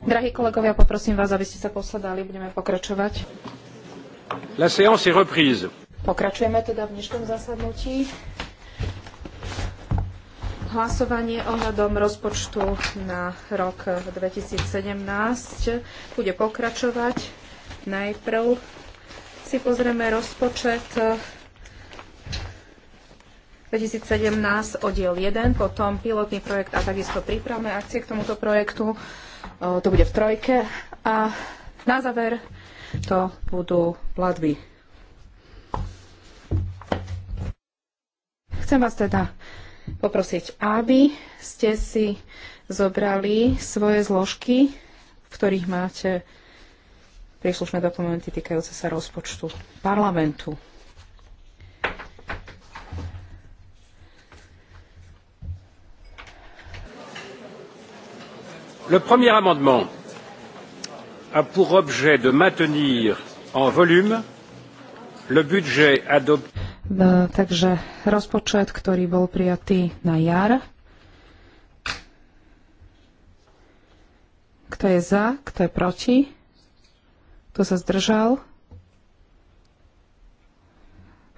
Drahí kolegovia, poprosím vás, aby ste sa posadali. Budeme pokračovať. La séance est reprise. Pokračujeme teda v dnešnom zasadnutí. Hlasovanie ohľadom rozpočtu na rok 2017 bude pokračovať. Najprv si pozrieme rozpočet 2017 oddiel 1, potom pilotný projekt a takisto prípravné akcie k tomuto projektu. To bude v trojke. A na záver to budú platby. Chcem vás teda poprosiť, aby ste si zobrali svoje zložky, v ktorých máte príslušné dokumenty týkajúce sa rozpočtu parlamentu. Le premier amendement a pour objet de maintenir en volume le budget adopté. no, Takže rozpočet, ktorý bol prijatý na jar. Kto je za, kto je proti? Kto sa zdržal?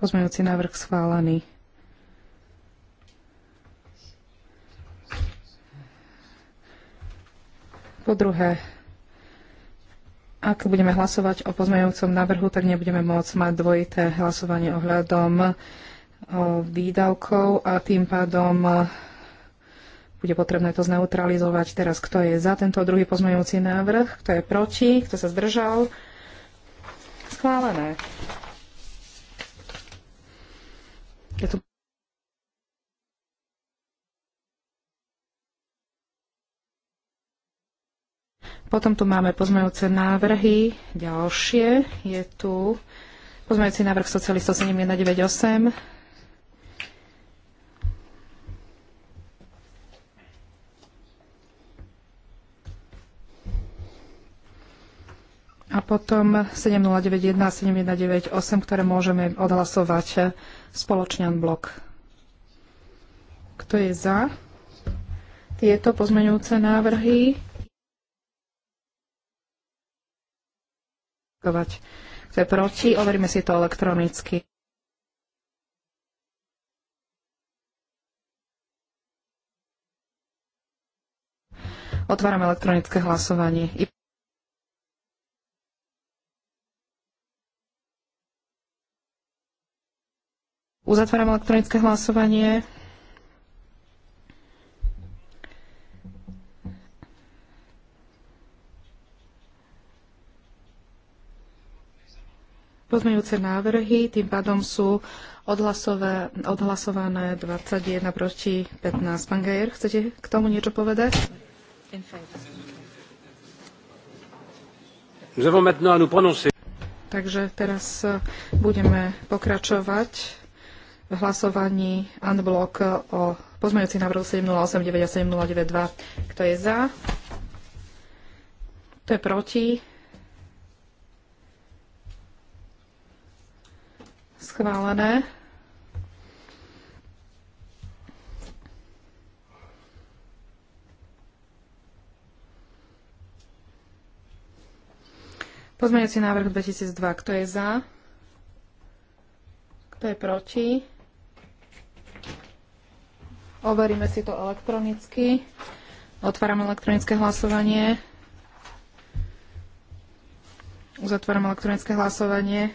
Pozmejúci návrh schválený. Po druhé, ak budeme hlasovať o pozmeňujúcom návrhu, tak nebudeme môcť mať dvojité hlasovanie ohľadom výdavkov a tým pádom bude potrebné to zneutralizovať. Teraz, kto je za tento druhý pozmeňujúci návrh, kto je proti, kto sa zdržal. Schválené. Je tu Potom tu máme pozmeňujúce návrhy. Ďalšie je tu pozmeňujúci návrh socialistov 7198. A potom 7091 a 7198, ktoré môžeme odhlasovať spoločne blok. Kto je za tieto pozmeňujúce návrhy? Kovať. Kto je proti? Overíme si to elektronicky. Otváram elektronické hlasovanie. Uzatváram elektronické hlasovanie. pozmeňujúce návrhy tým pádom sú odhlasované 21 proti 15. Pán Gajer, chcete k tomu niečo povedať? Takže teraz e, budeme pokračovať v hlasovaní unblock o pozmeňujúci návrhu 7089 a 7092. Kto je za? Kto je proti? Schválené. Pozmeňujúci návrh 2002. Kto je za? Kto je proti? Overíme si to elektronicky. Otváram elektronické hlasovanie. Uzatváram elektronické hlasovanie.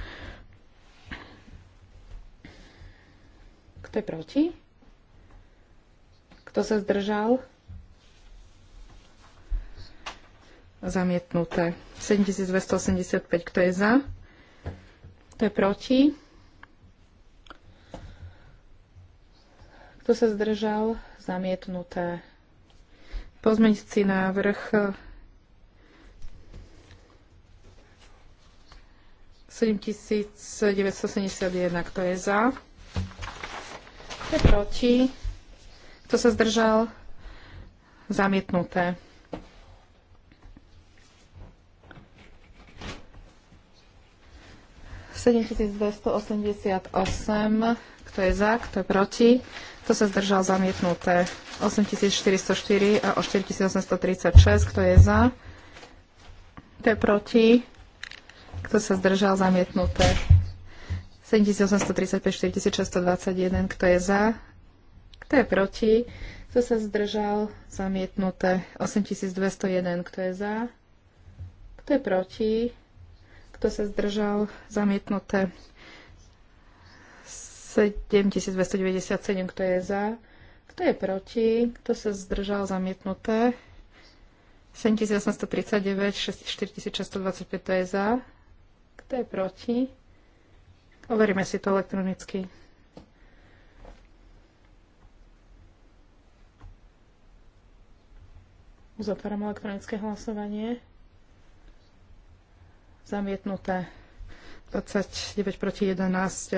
Kto je proti? Kto sa zdržal? Zamietnuté. 7285. Kto je za? Kto je proti? Kto sa zdržal? Zamietnuté. Pozmeňci návrh 7971, kto je za, kto je proti? Kto sa zdržal? Zamietnuté. osem. Kto je za? Kto je proti? Kto sa zdržal? Zamietnuté. 8404 a o 4836. Kto je za? Kto je proti? Kto sa zdržal? Zamietnuté. 7835, 4621, kto je za, kto je proti, kto sa zdržal, zamietnuté. 8201, kto je za, kto je proti, kto sa zdržal, zamietnuté. 7297, kto je za, kto je proti, kto sa zdržal, zamietnuté. 7839, 4625, to je za, kto je proti, Overíme si to elektronicky. Uzatváram elektronické hlasovanie. Zamietnuté 29 proti 11.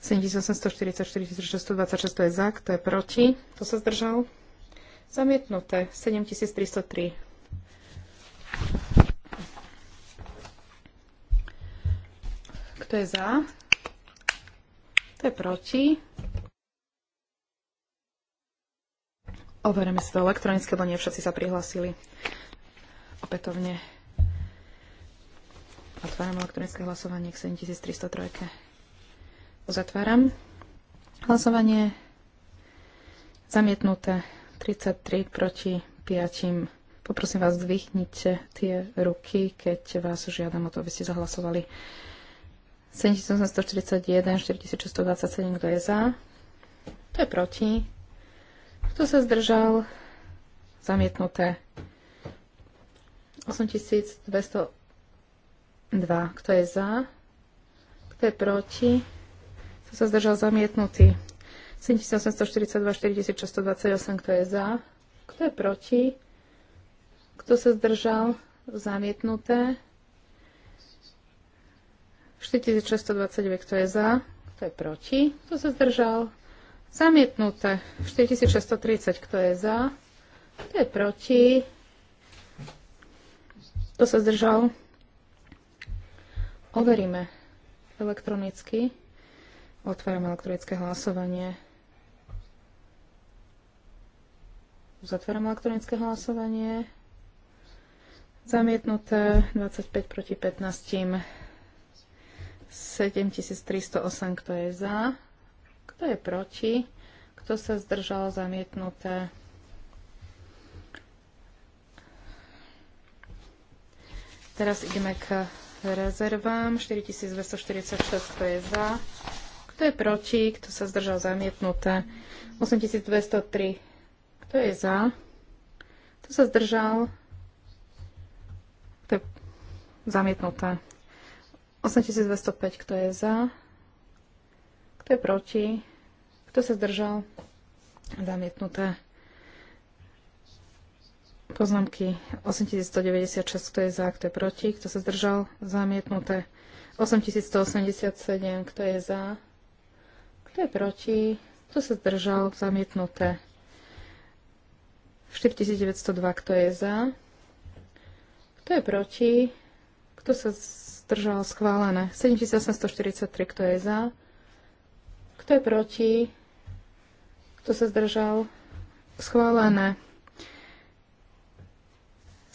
7844 626 to je za, kto je proti, to sa zdržal. Zamietnuté 7303 Kto je za? Kto je proti? Overíme si to elektronické, lebo nie všetci sa prihlasili. Opätovne. Otváram elektronické hlasovanie k 7303. Uzatváram. Hlasovanie zamietnuté 33 proti 5. Poprosím vás, zdvihnite tie ruky, keď vás žiadam o to, aby ste zahlasovali. 7841, 4627, kto je za? Kto je proti? Kto sa zdržal? Zamietnuté. 8202, kto je za? Kto je proti? Kto sa zdržal? Zamietnutý. 7842, 4628, kto je za? Kto je proti? Kto sa zdržal? Zamietnuté. 4629, kto je za, kto je proti, kto sa zdržal. Zamietnuté 4630, kto je za, kto je proti, kto sa zdržal. Overíme elektronicky. Otváram elektronické hlasovanie. Uzatváram elektronické hlasovanie. Zamietnuté 25 proti 15. 7308, kto je za, kto je proti, kto sa zdržal zamietnuté. Teraz ideme k rezervám. 4246, kto je za, kto je proti, kto sa zdržal zamietnuté. 8203, kto je za, kto sa zdržal, Kto je zamietnuté. 8205, kto je za? Kto je proti? Kto sa zdržal? Zamietnuté. Poznámky 8196, kto je za, kto je proti, kto sa zdržal, zamietnuté. 8187, kto je za, kto je proti, kto sa zdržal, zamietnuté. 4902, kto je za, kto je proti, kto sa zdržal schválené. 7843, kto je za, kto je proti, kto sa zdržal schválené.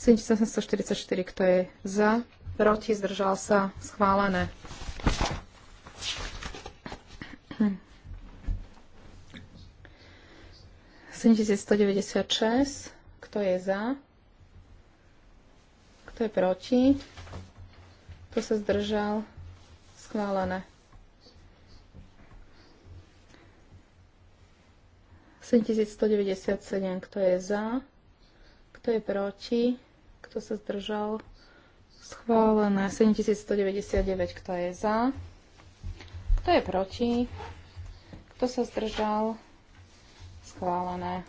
7844, kto je za, proti, zdržal sa schválené. Hm. 7196, kto je za, kto je proti, kto sa zdržal, schválené. 7197, kto je za, kto je proti, kto sa zdržal, schválené. 7199, kto je za, kto je proti, kto sa zdržal, schválené.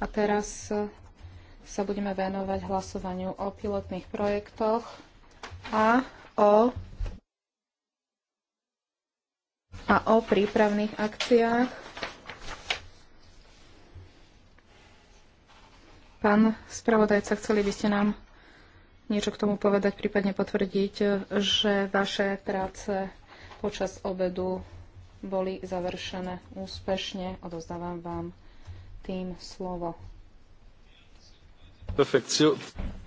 A teraz e, sa budeme venovať hlasovaniu o pilotných projektoch a o a o prípravných akciách. Pán spravodajca, chceli by ste nám niečo k tomu povedať, prípadne potvrdiť, e, že vaše práce počas obedu boli završené úspešne. Odozdávam vám tým slovo.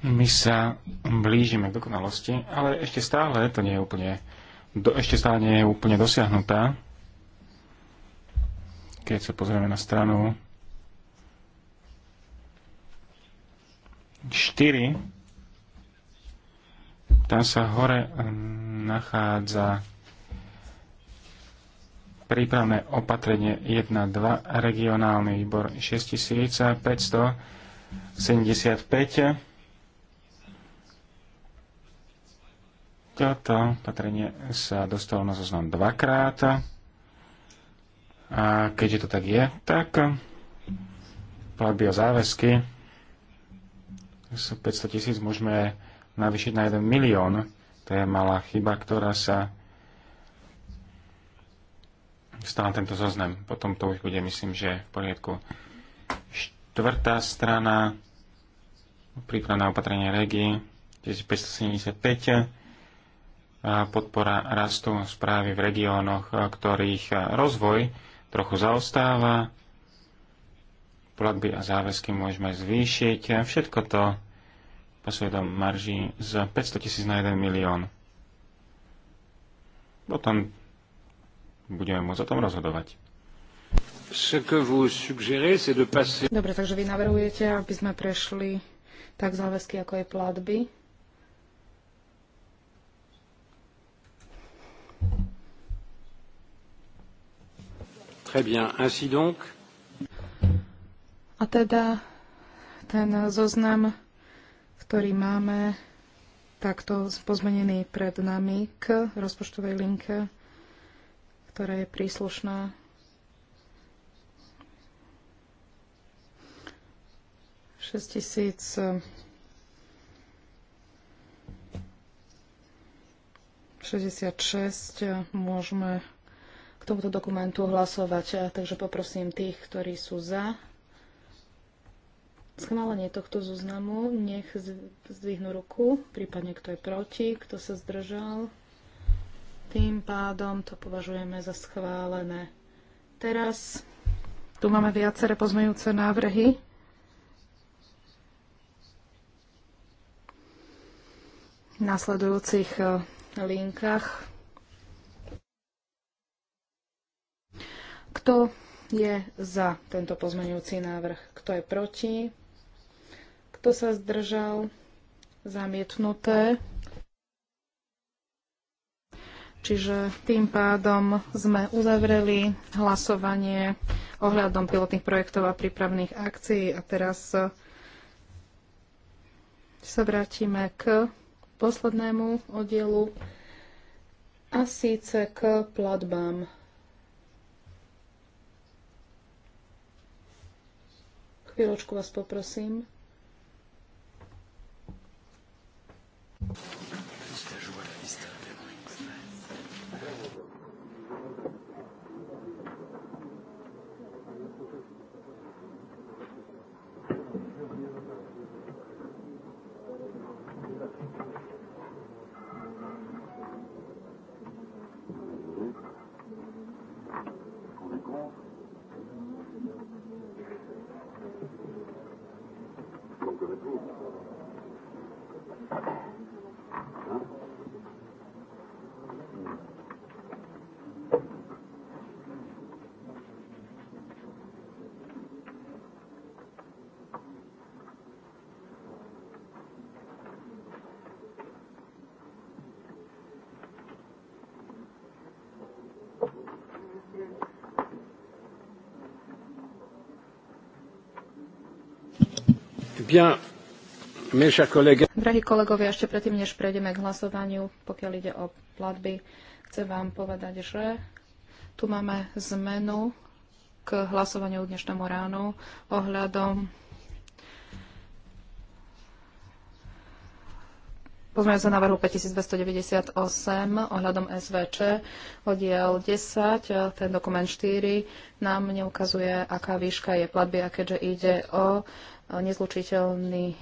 My sa blížime k dokonalosti, ale ešte stále to nie je úplne, do, ešte stále nie je úplne dosiahnutá. Keď sa pozrieme na stranu 4, tam sa hore ehm, nachádza prípravné opatrenie 1.2, regionálny výbor 6575. Toto opatrenie sa dostalo na zoznam dvakrát. A keďže to tak je, tak platby o záväzky z 500 tisíc môžeme navýšiť na 1 milión. To je malá chyba, ktorá sa stále tento zoznam. Potom to už bude, myslím, že v poriadku. Štvrtá strana, prípravné opatrenie regie, 1575, podpora rastu správy v regiónoch, ktorých rozvoj trochu zaostáva, platby a záväzky môžeme zvýšiť. Všetko to pasuje do marží z 500 tisíc na 1 milión. Potom budeme môcť o tom rozhodovať. Dobre, takže vy navrhujete, aby sme prešli tak záväzky, ako je platby. Très bien, ainsi donc. A teda ten zoznam, ktorý máme takto pozmenený pred nami k rozpočtovej linke ktorá je príslušná Šestisíc tisíc 66 môžeme k tomuto dokumentu hlasovať. Takže poprosím tých, ktorí sú za schválenie tohto zoznamu, nech zdvihnú ruku, prípadne kto je proti, kto sa zdržal. Tým pádom to považujeme za schválené. Teraz tu máme viaceré pozmejúce návrhy. V nasledujúcich e, linkách. Kto je za tento pozmeňujúci návrh? Kto je proti? Kto sa zdržal? Zamietnuté. Čiže tým pádom sme uzavreli hlasovanie ohľadom pilotných projektov a prípravných akcií. A teraz e, sa vrátime k poslednému oddielu a síce k platbám. Chvíľočku vás poprosím. Drahí kolegovia, ešte predtým, než prejdeme k hlasovaniu, pokiaľ ide o platby, chcem vám povedať, že tu máme zmenu k hlasovaniu dnešnému ránu ohľadom Pozmeňujem sa návrhu 5298 ohľadom SVČ, oddiel 10, ten dokument 4 nám neukazuje, aká výška je platby a keďže ide o e, nezlučiteľný e,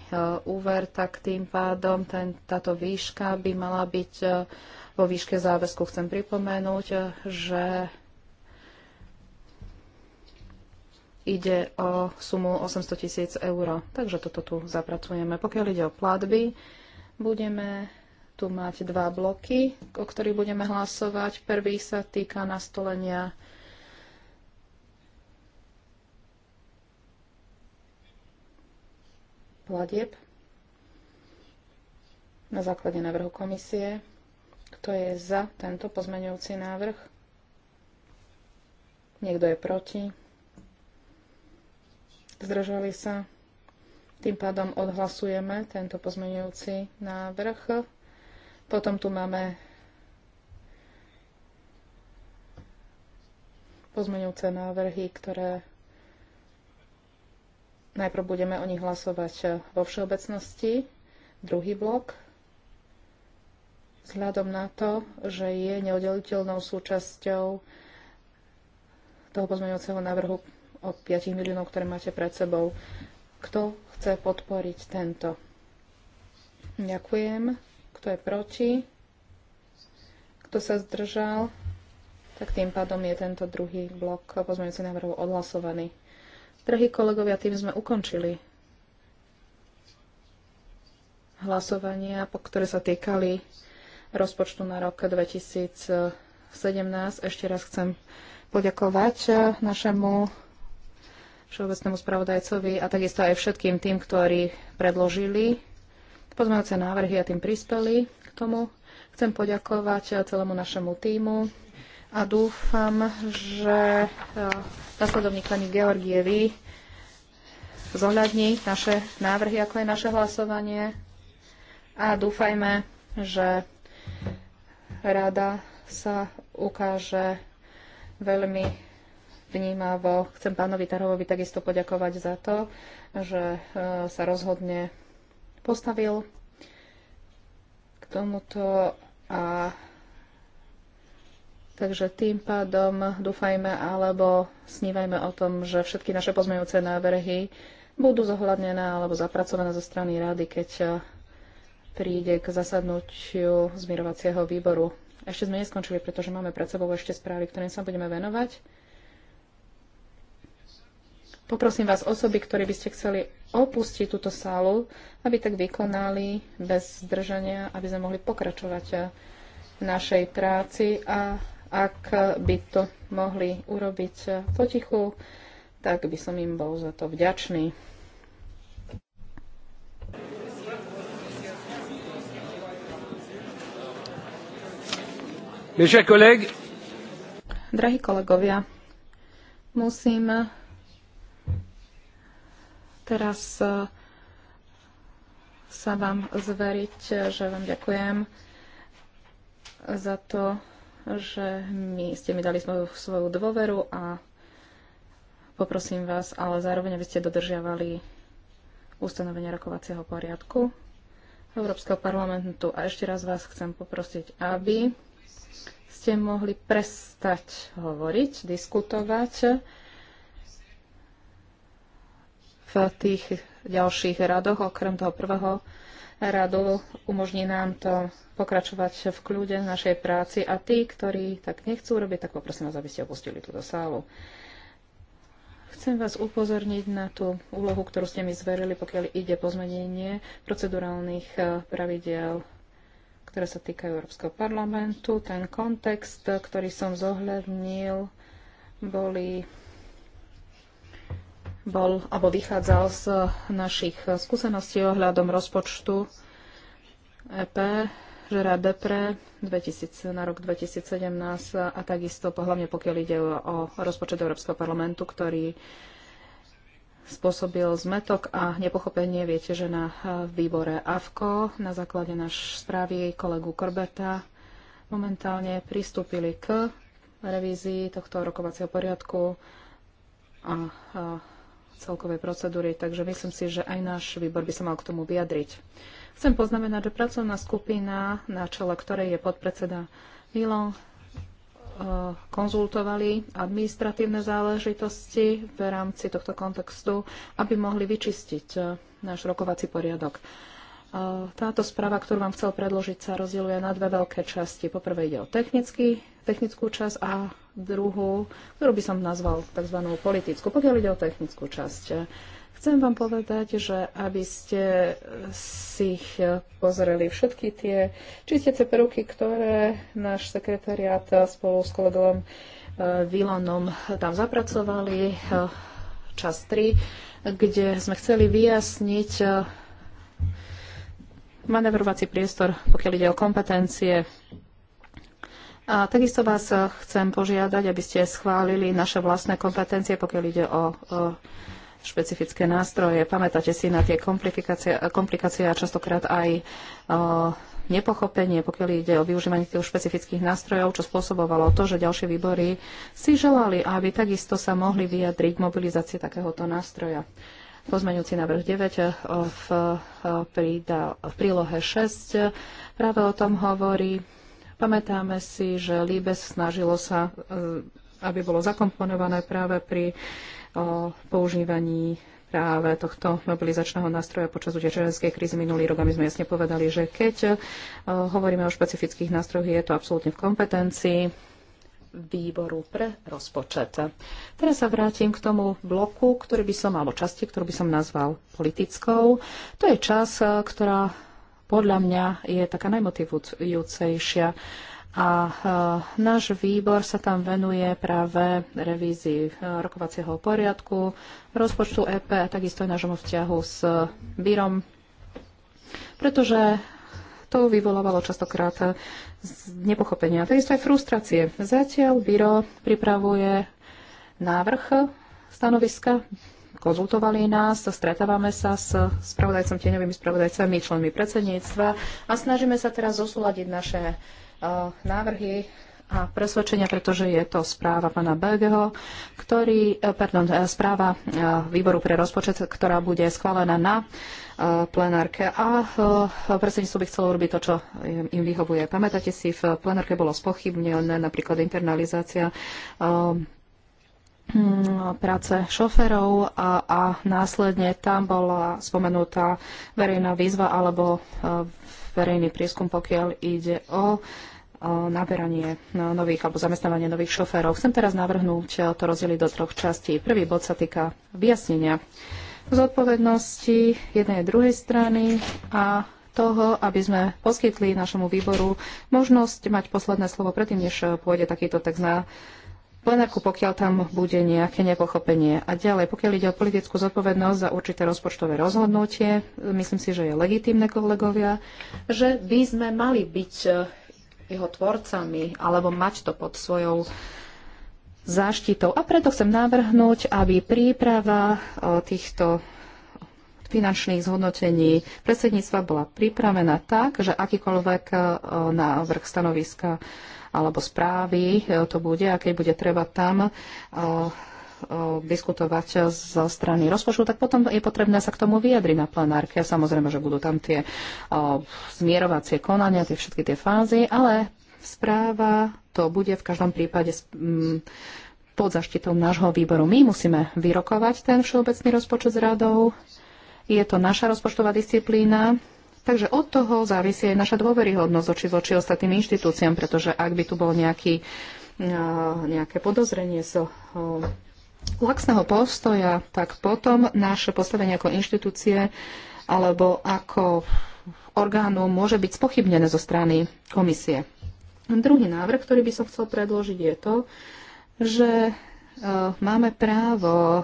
úver, tak tým pádom ten, táto výška by mala byť e, vo výške záväzku. Chcem pripomenúť, že ide o sumu 800 tisíc eur. Takže toto tu zapracujeme. Pokiaľ ide o platby, Budeme tu mať dva bloky, o ktorých budeme hlasovať. Prvý sa týka nastolenia platieb na základe návrhu komisie. Kto je za tento pozmeňujúci návrh? Niekto je proti? Zdržali sa? Tým pádom odhlasujeme tento pozmeňujúci návrh. Potom tu máme pozmeňujúce návrhy, ktoré najprv budeme o nich hlasovať vo všeobecnosti. Druhý blok vzhľadom na to, že je neoddeliteľnou súčasťou toho pozmeňujúceho návrhu o 5 miliónov, ktoré máte pred sebou. Kto chce podporiť tento. Ďakujem. Kto je proti? Kto sa zdržal? Tak tým pádom je tento druhý blok pozmeňujúci návrhu odhlasovaný. Drahí kolegovia, tým sme ukončili hlasovania, po ktoré sa týkali rozpočtu na rok 2017. Ešte raz chcem poďakovať eh, našemu všeobecnému spravodajcovi a takisto aj všetkým tým, ktorí predložili pozmeňujúce návrhy a tým prispeli k tomu. Chcem poďakovať celému našemu týmu a dúfam, že e, nasledovník pani Georgievi zohľadní naše návrhy, ako je naše hlasovanie a dúfajme, že rada sa ukáže veľmi vnímavo. Chcem pánovi Tarovovi takisto poďakovať za to, že e, sa rozhodne postavil k tomuto a Takže tým pádom dúfajme alebo snívajme o tom, že všetky naše pozmejúce návrhy budú zohľadnené alebo zapracované zo strany rady, keď e, príde k zasadnutiu zmierovacieho výboru. Ešte sme neskončili, pretože máme pred sebou ešte správy, ktorým sa budeme venovať. Poprosím vás osoby, ktorí by ste chceli opustiť túto sálu, aby tak vykonali bez zdržania, aby sme mohli pokračovať v našej práci a ak by to mohli urobiť potichu, tak by som im bol za to vďačný. Drahí kolegovia, musím Teraz e, sa vám zveriť, že vám ďakujem za to, že mi, ste mi dali svoju, svoju dôveru a poprosím vás, ale zároveň, aby ste dodržiavali ustanovenie rokovacieho poriadku Európskeho parlamentu. A ešte raz vás chcem poprosiť, aby ste mohli prestať hovoriť, diskutovať v tých ďalších radoch, okrem toho prvého radu, umožní nám to pokračovať v kľude v našej práci a tí, ktorí tak nechcú robiť, tak poprosím vás, aby ste opustili túto sálu. Chcem vás upozorniť na tú úlohu, ktorú ste mi zverili, pokiaľ ide pozmenenie procedurálnych e, pravidel ktoré sa týkajú Európskeho parlamentu. Ten kontext, ktorý som zohľadnil, boli bol alebo vychádzal z našich skúseností ohľadom rozpočtu EP Žera Depre 2000, na rok 2017 a takisto hlavne pokiaľ ide o rozpočet Európskeho parlamentu, ktorý spôsobil zmetok a nepochopenie. Viete, že na výbore AVKO na základe náš správy kolegu Korbeta momentálne pristúpili k revízii tohto rokovacieho poriadku a, a celkovej procedúry, takže myslím si, že aj náš výbor by sa mal k tomu vyjadriť. Chcem poznamenať, že pracovná skupina, na čele ktorej je podpredseda Milo, e, konzultovali administratívne záležitosti v rámci tohto kontextu, aby mohli vyčistiť e, náš rokovací poriadok. Táto správa, ktorú vám chcel predložiť, sa rozdieluje na dve veľké časti. Poprvé ide o technický, technickú časť a druhú, ktorú by som nazval tzv. politickú. Pokiaľ ide o technickú časť, chcem vám povedať, že aby ste si pozreli všetky tie čistiace peruky, ktoré náš sekretariát spolu s kolegom e, Vilanom tam zapracovali, e, čas 3, kde sme chceli vyjasniť e, manevrovací priestor, pokiaľ ide o kompetencie. A takisto vás chcem požiadať, aby ste schválili naše vlastné kompetencie, pokiaľ ide o, o špecifické nástroje. Pamätáte si na tie komplikácie, komplikácie a častokrát aj o, nepochopenie, pokiaľ ide o využívanie tých špecifických nástrojov, čo spôsobovalo to, že ďalšie výbory si želali, aby takisto sa mohli vyjadriť mobilizácie takéhoto nástroja. Pozmeňujúci návrh 9 eh, v, eh, prída, v prílohe 6 eh, práve o tom hovorí. Pamätáme si, že Líbes snažilo sa, aby bolo zakomponované práve pri používaní práve tohto mobilizačného nástroja počas utečeneckej krízy minulý rok a my sme jasne povedali, že keď hovoríme o špecifických nástrojoch, je to absolútne v kompetencii výboru pre rozpočet. Teraz sa vrátim k tomu bloku, ktorý by som, alebo časti, ktorú by som nazval politickou. To je čas, eh, ktorá podľa mňa je taká najmotivujúcejšia a eh, náš výbor sa tam venuje práve revízii eh, rokovacieho poriadku, rozpočtu EP a takisto aj nášmu vzťahu s Bírom, pretože to vyvolávalo častokrát nepochopenia. Takisto aj frustrácie. Zatiaľ Biro pripravuje návrh stanoviska konzultovali nás, stretávame sa s spravodajcom, tieňovými spravodajcami, členmi predsedníctva a snažíme sa teraz zosúľadiť naše uh, návrhy a presvedčenia, pretože je to správa pána Belgeho, ktorý, e, pardon, e, správa e, výboru pre rozpočet, ktorá bude schválená na plenárke. A predsedníctvo by chcelo urobiť to, čo im vyhovuje. Pamätáte si, v plenárke bolo spochybnené napríklad internalizácia mm, práce šoferov a, a následne tam bola spomenutá verejná výzva alebo verejný prieskum, pokiaľ ide o naberanie nových alebo zamestnávanie nových šoférov. Chcem teraz navrhnúť to rozdeliť do troch častí. Prvý bod sa týka vyjasnenia zodpovednosti jednej a druhej strany a toho, aby sme poskytli našemu výboru možnosť mať posledné slovo predtým, než pôjde takýto text na plenárku, pokiaľ tam bude nejaké nepochopenie. A ďalej, pokiaľ ide o politickú zodpovednosť za určité rozpočtové rozhodnutie, myslím si, že je legitímne, kolegovia, že by sme mali byť jeho tvorcami alebo mať to pod svojou záštitou. A preto chcem navrhnúť, aby príprava e, týchto finančných zhodnotení predsedníctva bola pripravená tak, že akýkoľvek e, návrh stanoviska alebo správy e, to bude a keď bude treba tam Eh, diskutovať zo strany rozpočtu, tak potom je potrebné sa k tomu vyjadriť na plenárke. Samozrejme, že budú tam tie eh, zmierovacie konania, tie všetky tie fázy, ale správa to bude v každom prípade mm, pod zaštitou nášho výboru. My musíme vyrokovať ten všeobecný rozpočet s radou. Je to naša rozpočtová disciplína. Takže od toho závisí aj naša dôveryhodnosť oči oči ostatným inštitúciám, pretože ak by tu bol nejaký, eh, nejaké podozrenie z so laxného postoja, tak potom naše postavenie ako inštitúcie alebo ako orgánu môže byť spochybnené zo strany komisie. Druhý návrh, ktorý by som chcel predložiť, je to, že e, máme právo e,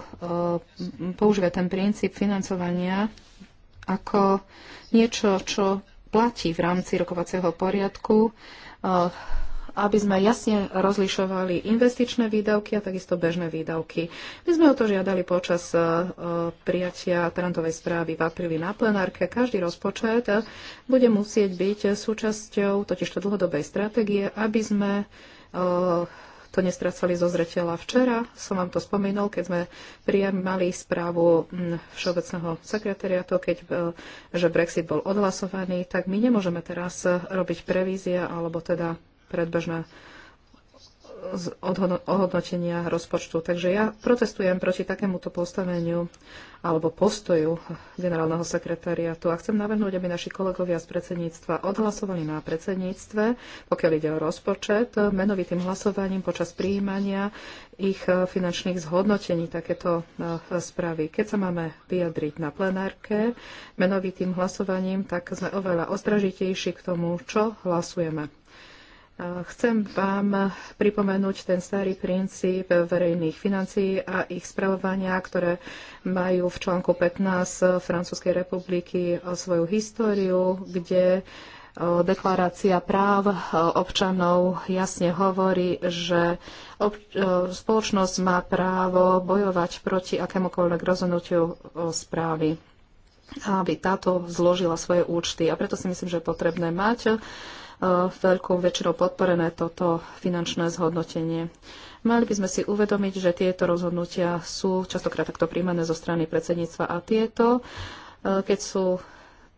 používať ten princíp financovania ako niečo, čo platí v rámci rokovacieho poriadku e, aby sme jasne rozlišovali investičné výdavky a takisto bežné výdavky. My sme o to žiadali počas e, e, prijatia trendovej správy v apríli na plenárke. Každý rozpočet e, bude musieť byť súčasťou totižto dlhodobej stratégie, aby sme to nestracali zo zretela Včera som vám to spomínal, keď sme prijímali správu Všeobecného sekretariatu, keď, že Brexit bol odhlasovaný, tak my nemôžeme teraz robiť prevízia alebo teda predbežné ohodnotenia rozpočtu. Takže ja protestujem proti takémuto postaveniu alebo postoju generálneho sekretariatu a chcem navrhnúť, aby naši kolegovia z predsedníctva odhlasovali na predsedníctve, pokiaľ ide o rozpočet, menovitým hlasovaním počas prijímania ich finančných zhodnotení takéto e, správy. Keď sa máme vyjadriť na plenárke menovitým hlasovaním, tak sme oveľa ostražitejší k tomu, čo hlasujeme. Chcem vám pripomenúť ten starý princíp verejných financií a ich spravovania, ktoré majú v článku 15 Francúzskej republiky svoju históriu, kde deklarácia práv občanov jasne hovorí, že spoločnosť má právo bojovať proti akémukoľvek rozhodnutiu správy aby táto zložila svoje účty. A preto si myslím, že je potrebné mať veľkou väčšinou podporené toto finančné zhodnotenie. Mali by sme si uvedomiť, že tieto rozhodnutia sú častokrát takto príjmané zo strany predsedníctva a tieto, eh, keď sú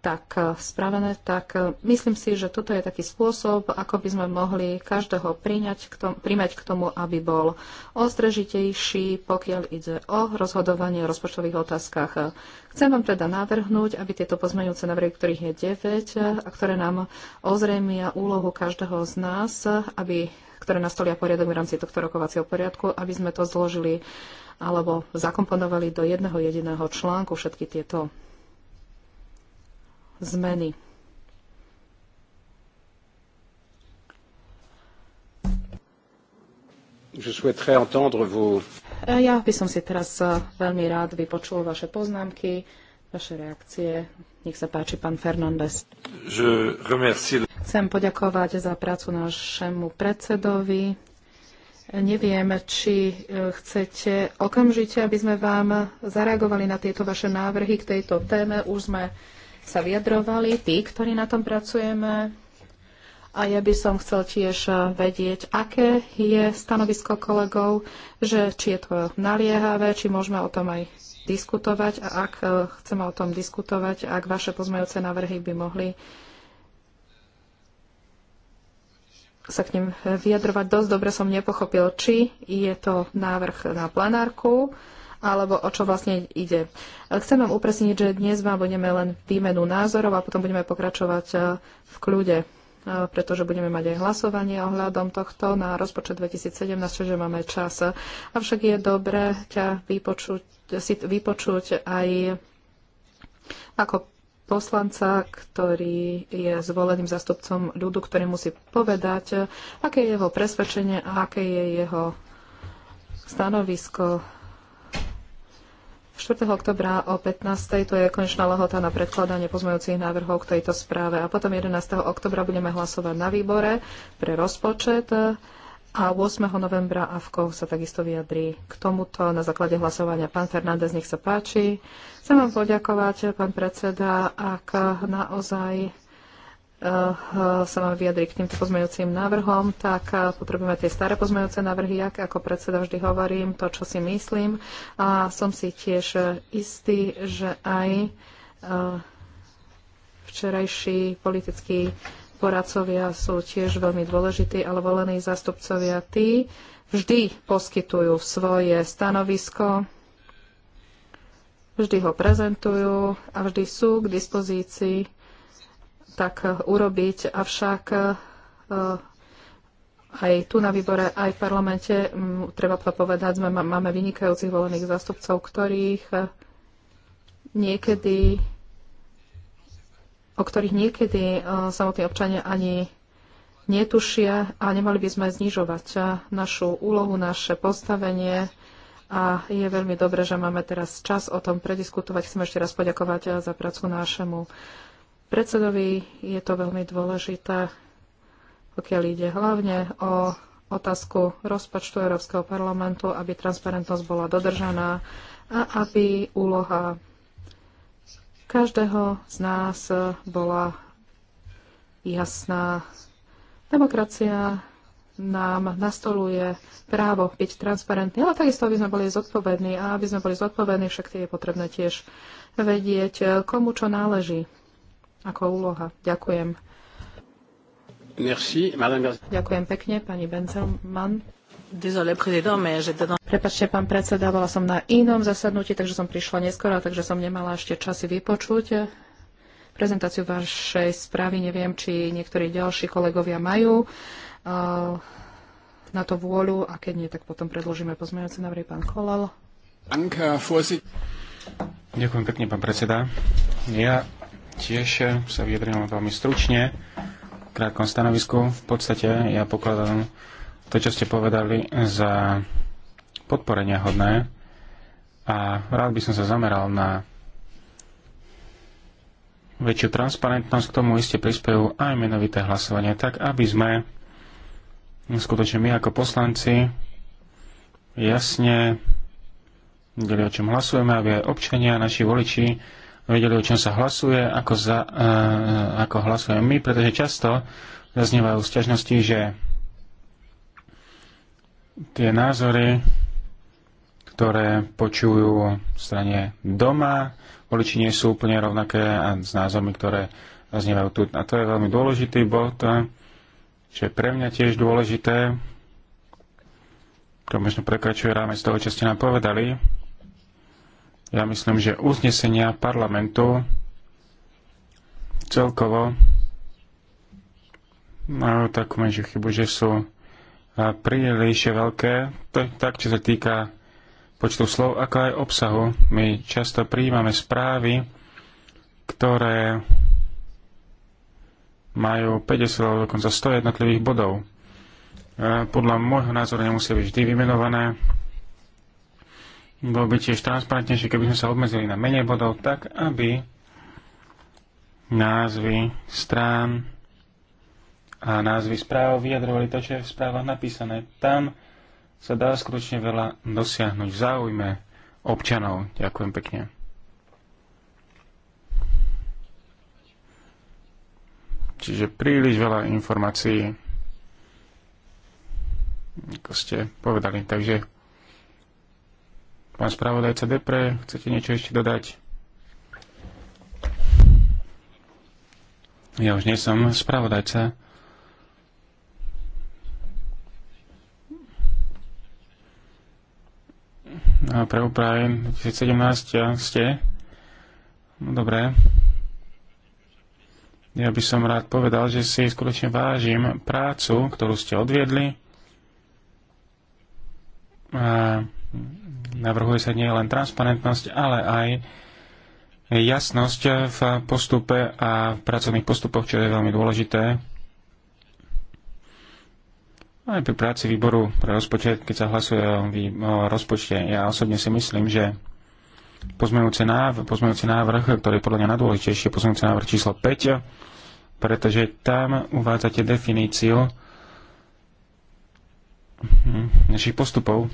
tak eh, spravené, tak eh, myslím si, že toto je taký spôsob, ako by sme mohli každého prijať k tomu, k tomu, aby bol ostrežitejší, pokiaľ ide o rozhodovanie o rozpočtových otázkach. Chcem vám teda navrhnúť, aby tieto pozmeňujúce návrhy, ktorých je 9, eh, a ktoré nám ozrejmia úlohu každého z nás, aby, ktoré nastolia poriadok v rámci tohto rokovacieho poriadku, aby sme to zložili alebo zakomponovali do jedného jediného článku všetky tieto zmeny. E, ja by som si teraz e, veľmi rád vypočul vaše poznámky, vaše reakcie. Nech sa páči, pán Fernández. Chcem poďakovať za prácu našemu predsedovi. Neviem, či e, chcete okamžite, aby sme vám zareagovali na tieto vaše návrhy k tejto téme. Už sme sa vyjadrovali, tí, ktorí na tom pracujeme. A ja by som chcel tiež eh, vedieť, aké je stanovisko kolegov, že či je to naliehavé, či môžeme o tom aj diskutovať a ak eh, chceme o tom diskutovať, ak vaše pozmajúce návrhy by mohli sa k ním vyjadrovať. Dosť dobre som nepochopil, či je to návrh na plenárku, alebo o čo vlastne ide. Chcem vám upresniť, že dnes vám budeme len výmenu názorov a potom budeme pokračovať e, v kľude e, pretože budeme mať aj hlasovanie ohľadom tohto na rozpočet 2017, čiže máme čas. Avšak je dobré ťa vypočuť, si vypočuť aj ako poslanca, ktorý je zvoleným zastupcom ľudu, ktorý musí povedať, aké je jeho presvedčenie a aké je jeho stanovisko 4. oktobra o 15. to je konečná lehota na predkladanie pozmejúcich návrhov k tejto správe. A potom 11. oktobra budeme hlasovať na výbore pre rozpočet a 8. novembra AFKO sa takisto vyjadrí k tomuto na základe hlasovania. Pán Fernández, nech sa páči. Chcem vám poďakovať, pán predseda, ak naozaj Eh, sa máme vyjadriť k týmto pozmeňujúcim návrhom, tak eh, potrebujeme tie staré pozmeňujúce návrhy, jak ako predseda vždy hovorím, to, čo si myslím. A som si tiež eh, istý, že aj včerajší politickí poradcovia sú tiež veľmi dôležití, ale volení zástupcovia tí vždy poskytujú svoje stanovisko, vždy ho prezentujú a vždy sú k dispozícii tak eh, urobiť, avšak eh, eh, aj tu na výbore, aj v parlamente, mm, treba to povedať, sme, máme vynikajúcich volených zástupcov, ktorých niekedy, o ktorých niekedy samotní občania ani netušia a nemali by sme znižovať našu úlohu, naše postavenie a je veľmi dobré, že máme teraz čas o tom prediskutovať. Chcem ešte raz poďakovať za prácu našemu Predsedovi je to veľmi dôležité, pokiaľ ide hlavne o otázku rozpočtu Európskeho parlamentu, aby transparentnosť bola dodržaná a aby úloha každého z nás bola jasná. Demokracia nám nastoluje právo byť transparentný, ale takisto, aby sme boli zodpovední a aby sme boli zodpovední, však je potrebné tiež vedieť, komu čo náleží ako úloha. Ďakujem. Merci, madame... Ďakujem pekne, pani Benzelman. Prepačte, pán predseda, bola som na inom zasadnutí, takže som prišla neskoro, takže som nemala ešte časy vypočuť prezentáciu vašej správy. Neviem, či niektorí ďalší kolegovia majú uh, na to vôľu a keď nie, tak potom predložíme pozmeňujúce návrhy pán Kolal. Ďakujem pekne, pán predseda. Ja tiež sa vyjadrím veľmi stručne, v krátkom stanovisku. V podstate ja pokladám to, čo ste povedali, za podporenia hodné a rád by som sa zameral na väčšiu transparentnosť. K tomu iste prispejú aj menovité hlasovanie, tak aby sme skutočne my ako poslanci jasne vedeli, o čom hlasujeme, aby aj občania, naši voliči vedeli, o čom sa hlasuje, ako, za, e, e, ako hlasujeme my, pretože často zaznievajú sťažnosti, že tie názory, ktoré počujú v strane doma, voliči nie sú úplne rovnaké a s názormi, ktoré zaznievajú tu. A to je veľmi dôležitý bod, čo je pre mňa tiež dôležité, to možno prekračuje rámec toho, čo ste nám povedali, ja myslím, že uznesenia parlamentu celkovo majú takú menšiu chybu, že sú príliš veľké, tak čo sa týka počtu slov, ako aj obsahu. My často prijímame správy, ktoré majú 50 alebo dokonca 100 jednotlivých bodov. Podľa môjho názoru nemusia byť vždy vymenované bolo by tiež transparentnejšie, keby sme sa obmedzili na menej bodov, tak aby názvy strán a názvy správ vyjadrovali to, čo je v správach napísané. Tam sa dá skutočne veľa dosiahnuť v záujme občanov. Ďakujem pekne. Čiže príliš veľa informácií, ako ste povedali. Takže Pán spravodajca Depre, chcete niečo ešte dodať? Ja už nie som spravodajca. A pre úpravy 2017 ste? No dobré. Ja by som rád povedal, že si skutočne vážim prácu, ktorú ste odviedli. A Navrhuje sa nie len transparentnosť, ale aj jasnosť v postupe a v pracovných postupoch, čo je veľmi dôležité. Aj pri práci výboru pre rozpočet, keď sa hlasuje o, rozpočte, ja osobne si myslím, že pozmeňujúci návrh, pozmeňujúci návrh, ktorý je podľa mňa najdôležitejší, pozmeňujúci návrh číslo 5, pretože tam uvádzate definíciu našich postupov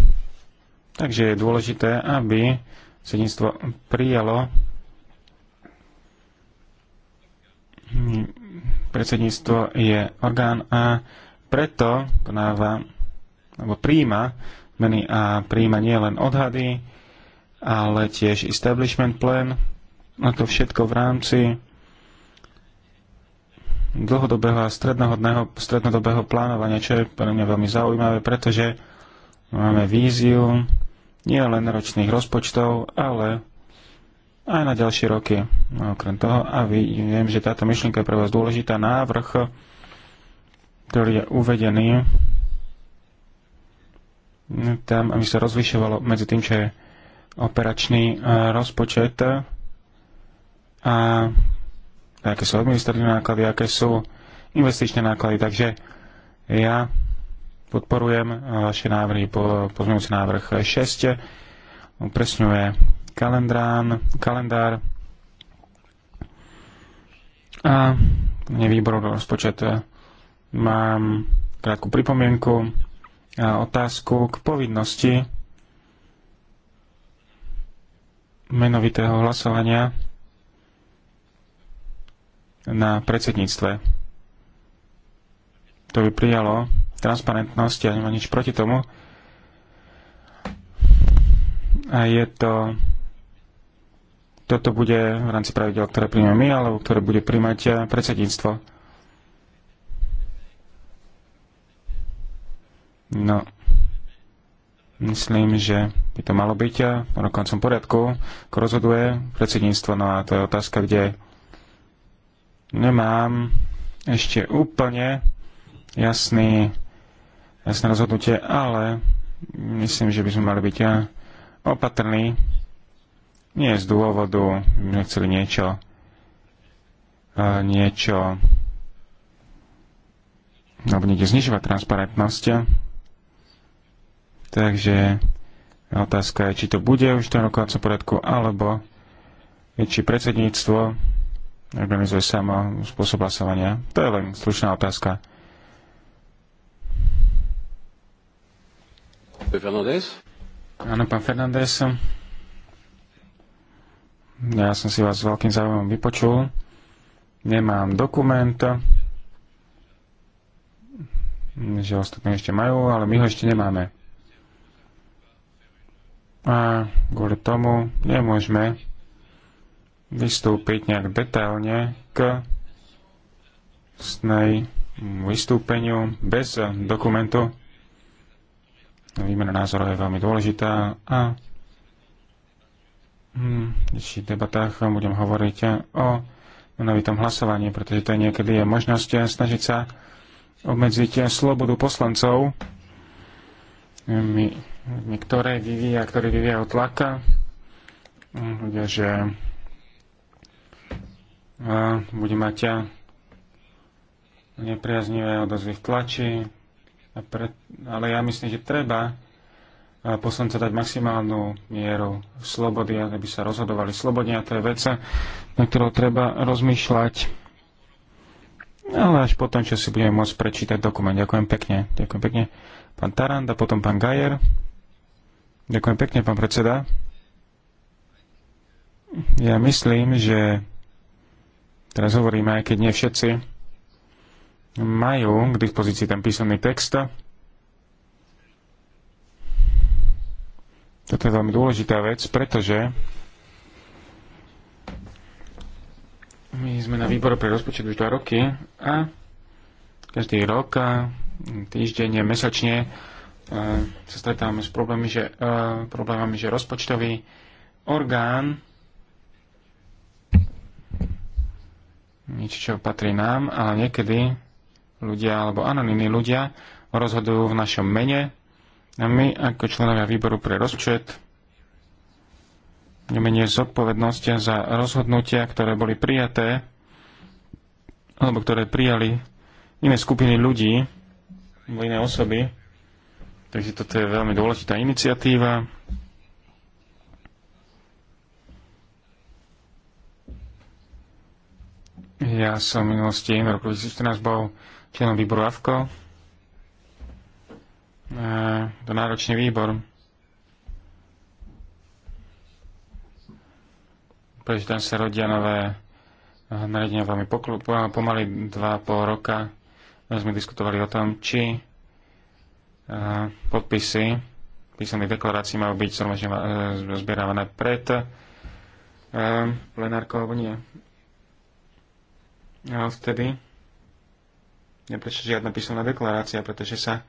Takže je dôležité, aby sedníctvo prijalo predsedníctvo je orgán a preto konáva, alebo príjima meny a príjima nie len odhady, ale tiež establishment plan, a to všetko v rámci dlhodobého a strednodobého plánovania, čo je pre mňa veľmi zaujímavé, pretože máme víziu, nie len ročných rozpočtov, ale aj na ďalšie roky. No, okrem toho, a viem, že táto myšlienka je pre vás dôležitá, návrh, ktorý je uvedený no, tam, aby sa rozlišovalo medzi tým, čo je operačný e, rozpočet a aké sú administratívne náklady, aké sú investičné náklady. Takže ja podporujem vaše návrhy, po, pozmeňujúci návrh 6, upresňuje kalendrán, kalendár a nevýborov rozpočet. Eh, mám krátku pripomienku a otázku k povinnosti menovitého hlasovania na predsedníctve. To by prijalo transparentnosť, ja nemám nič proti tomu. A je to... Toto bude v rámci pravidel, ktoré príjme my, alebo ktoré bude príjmať eh, predsedníctvo. No, myslím, že by to malo byť a eh, v poriadku, ako rozhoduje predsedníctvo. No a to je otázka, kde nemám ešte úplne jasný jasné rozhodnutie, ale myslím, že by sme mali byť eh, opatrní. Nie z dôvodu, že sme chceli niečo, eh, niečo alebo niekde znižovať transparentnosť. Takže otázka je, či to bude už ten rokovacom poriadku, alebo či predsedníctvo organizuje samo spôsob hlasovania. To je len slušná otázka. Fernández. Áno, pán Fernández. Ja som si vás s veľkým záujmom vypočul. Nemám dokument, že ostatní ešte majú, ale my ho ešte nemáme. A kvôli tomu nemôžeme vystúpiť nejak detailne k snej vystúpeniu bez dokumentu. Výmena názorov je veľmi dôležitá a hm, v ďalších debatách budem hovoriť o menovitom hlasovaní, pretože to je niekedy je možnosť snažiť sa obmedziť slobodu poslancov, Niektoré my ktoré vyvíja, od vyvíjajú tlaka, ľudia, že bude mať nepriaznivé odozvy v tlači, pre, ale ja myslím, že treba eh, poslanca dať maximálnu mieru slobody, aby sa rozhodovali slobodne a to je vec, na ktorou treba rozmýšľať. Ale až potom, čo si budeme môcť prečítať dokument. Ďakujem pekne. Ďakujem pekne. Pán Tarand a potom pán Gajer. Ďakujem pekne, pán predseda. Ja myslím, že teraz hovoríme, aj keď nie všetci, majú k dispozícii ten písomný text. Toto je veľmi dôležitá vec, pretože my sme na výbore pre rozpočet už dva roky a každý rok, týždenne, mesačne e, sa stretávame s problémami, že, e, problémami, že rozpočtový orgán niečo, čo patrí nám, ale niekedy ľudia alebo anonimní ľudia rozhodujú v našom mene a my ako členovia výboru pre rozčet. nemenie zodpovednosť za rozhodnutia, ktoré boli prijaté alebo ktoré prijali iné skupiny ľudí alebo iné osoby. Takže toto je veľmi dôležitá iniciatíva. Ja som v minulosti v roku 2014 bol členom výboru AFKO. E, to náročný výbor. Pretože tam sa rodia nové e, nariadenia veľmi pomaly, dva pol roka. Sme diskutovali o tom, či e, podpisy písomných deklarácií majú byť e, zbieravané pred e, plenárkou alebo nie. A vtedy neprečo žiadna písomná deklarácia, pretože sa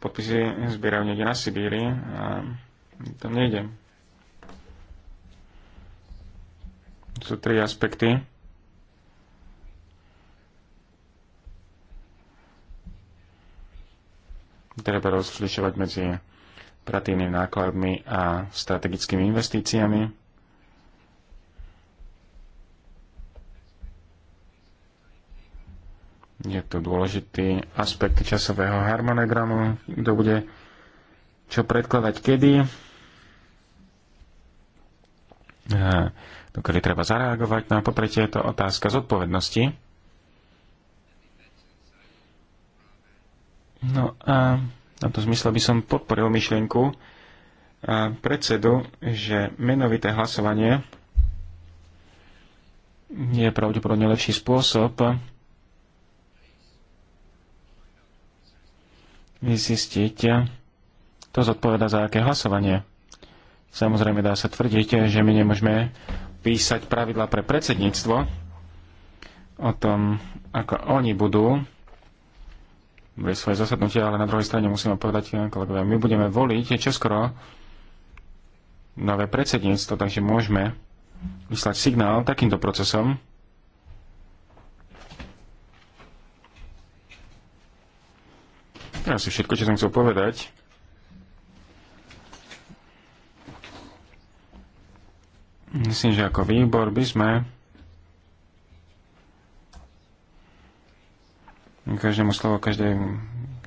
podpisy zbierajú niekde na Sibíri a tam nejde. Sú tri aspekty. Treba rozlišovať medzi operatívnymi nákladmi a strategickými investíciami. Je tu dôležitý aspekt časového harmonogramu, kto bude čo predkladať kedy. Do kedy treba zareagovať. No a po tretie je to otázka zodpovednosti. No a na to zmysle by som podporil myšlienku predsedu, že menovité hlasovanie je pravdepodobne lepší spôsob, zistiť, to zodpoveda za aké hlasovanie. Samozrejme dá sa tvrdiť, že my nemôžeme písať pravidla pre predsedníctvo o tom, ako oni budú vieť svoje zasadnutie, ale na druhej strane musíme povedať, kolegovia, my budeme voliť čoskoro nové predsedníctvo, takže môžeme vyslať signál takýmto procesom, je asi všetko, čo som chcel povedať. Myslím, že ako výbor by sme každému slovo, každej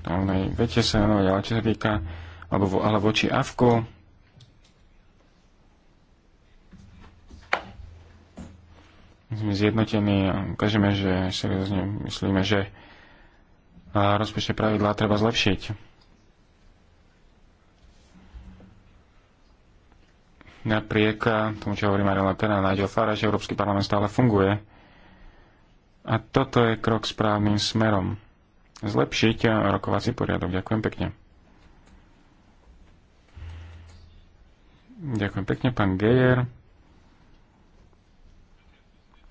hlavnej vete sa venovať, ale čo sa týka, alebo, vo, ale voči Avku, sme zjednotení a ukážeme, že seriózne myslíme, že rozpočtové pravidlá treba zlepšiť. Napriek tomu, čo hovorí Marela Pena a Nigel Farage, Európsky parlament stále funguje. A toto je krok správnym smerom. Zlepšiť rokovací poriadok. Ďakujem pekne. Ďakujem pekne, pán Gejer.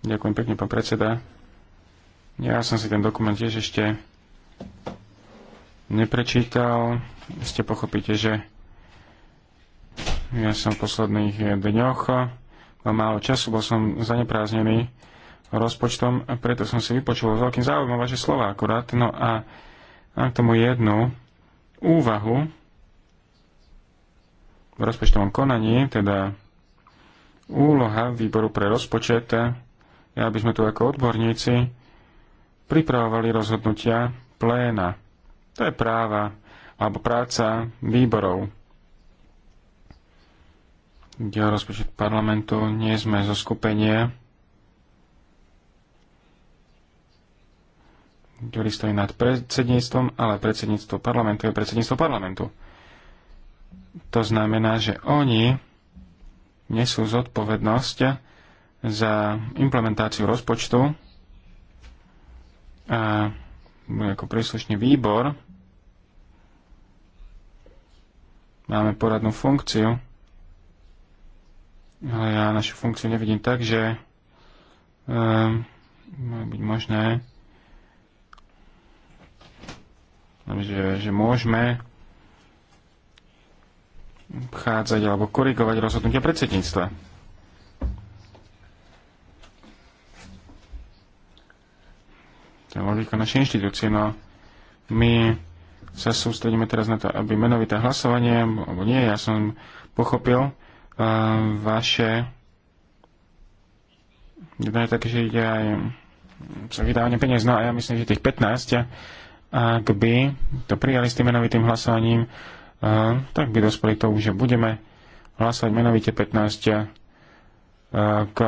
Ďakujem pekne, pán predseda. Ja som si ten dokument tiež ešte neprečítal, ste pochopíte, že ja som v posledných eh, dňoch eh, mal málo času, bol som zanepráznený rozpočtom a preto som si vypočul s veľkým záujmom vaše slova akurát. No a mám k tomu jednu úvahu v rozpočtovom konaní, teda úloha výboru pre rozpočet, aby sme tu ako odborníci pripravovali rozhodnutia pléna. To je práva alebo práca výborov. Kde rozpočet parlamentu nie sme zo skupenia, ktorý stojí nad predsedníctvom, ale predsedníctvo parlamentu je predsedníctvo parlamentu. To znamená, že oni nesú zodpovednosť za implementáciu rozpočtu a ako príslušný výbor máme poradnú funkciu, ale ja našu funkciu nevidím tak, že um, môže byť možné, že, že môžeme vchádzať alebo korigovať rozhodnutia predsedníctva. To je logika našej inštitúcie. No my sa sústredíme teraz na to, aby menovité hlasovanie, alebo nie, ja som pochopil uh, vaše jedno je také, že ide aj sa vydávanie peniaz, no a ja myslím, že tých 15, ak by to prijali s tým menovitým hlasovaním, uh, tak by dospeli to, že budeme hlasovať menovite 15 uh, eh, k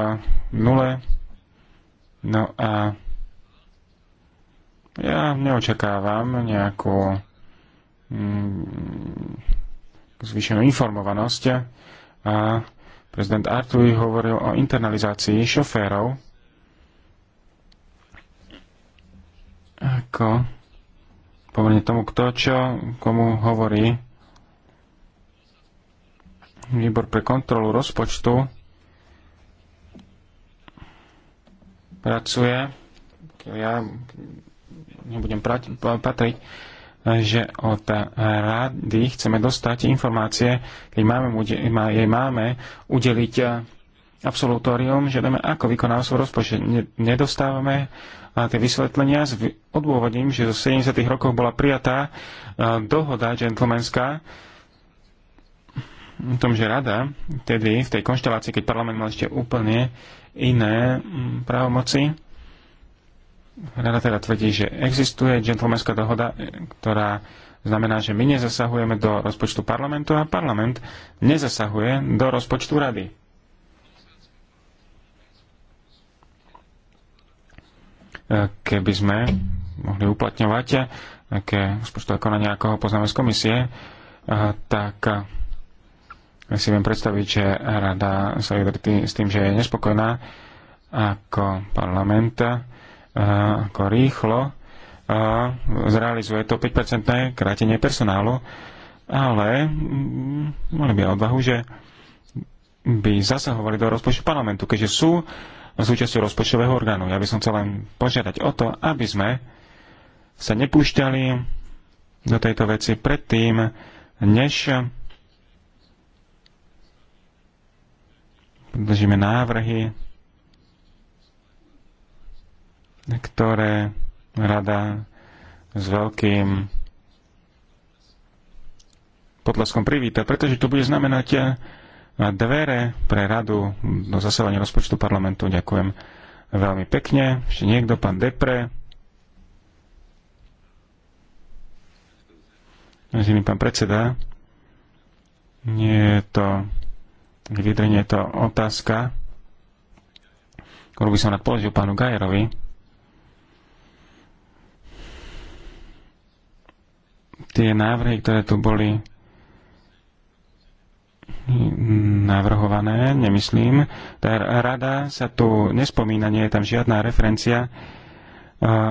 nule. No a ja neočakávam nejakú mm, zvýšenú informovanosť. A prezident Artuji hovoril o internalizácii šoférov ako pomerne tomu, kto čo komu hovorí. Výbor pre kontrolu rozpočtu pracuje. Ja nebudem patriť, že od rady chceme dostať informácie, keď máme, jej máme udeliť eh, absolutórium, že dáme, ako vykonáva svoj rozpočet. Nedostávame eh, tie vysvetlenia s odôvodím, že zo 70. rokov bola prijatá eh, dohoda džentlmenská, o tom, že rada, tedy v tej konštelácii, keď parlament mal ešte úplne iné mm, právomoci, Rada teda tvrdí, že existuje gentlemanská dohoda, e, ktorá znamená, že my nezasahujeme do rozpočtu parlamentu a parlament nezasahuje do rozpočtu rady. E, keby sme mohli uplatňovať aké rozpočtové konania, ako ho poznáme z komisie, e, tak si viem predstaviť, že rada sa s tým, že je nespokojná ako parlament ako rýchlo zrealizuje to 5-percentné krátenie personálu, ale mm, mali by odvahu, že by zasahovali do rozpočtu parlamentu, keďže sú súčasťou rozpočtového orgánu. Ja by som chcel len požiadať o to, aby sme sa nepúšťali do tejto veci predtým, než predložíme návrhy ktoré rada s veľkým potleskom privíta, pretože to bude znamenať eh, dvere pre radu do zasávania rozpočtu parlamentu. Ďakujem veľmi pekne. Ešte niekto, pán Depre. Vážený pán predseda, nie je to vydrenie, je to otázka, ktorú by som rád položil pánu Gajerovi tie návrhy, ktoré tu boli navrhované, nemyslím. Tá rada sa tu nespomína, nie je tam žiadna referencia e,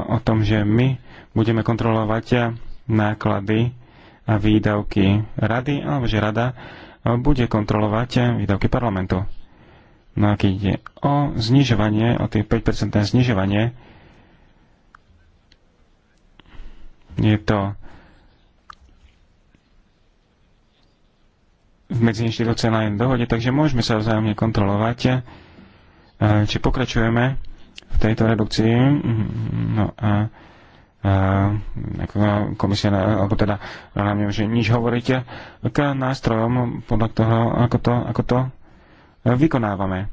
o tom, že my budeme kontrolovať náklady a výdavky rady, alebo že rada bude kontrolovať výdavky parlamentu. No a keď ide o znižovanie, o tie 5% znižovanie, je to v medziinstitucionálnej dohode, takže môžeme sa vzájomne kontrolovať, eh, či pokračujeme v tejto redukcii. Mhm, no a eh, ako komisia, alebo teda nám že nič hovoríte k nástrojom podľa toho, ako to, ako to vykonávame.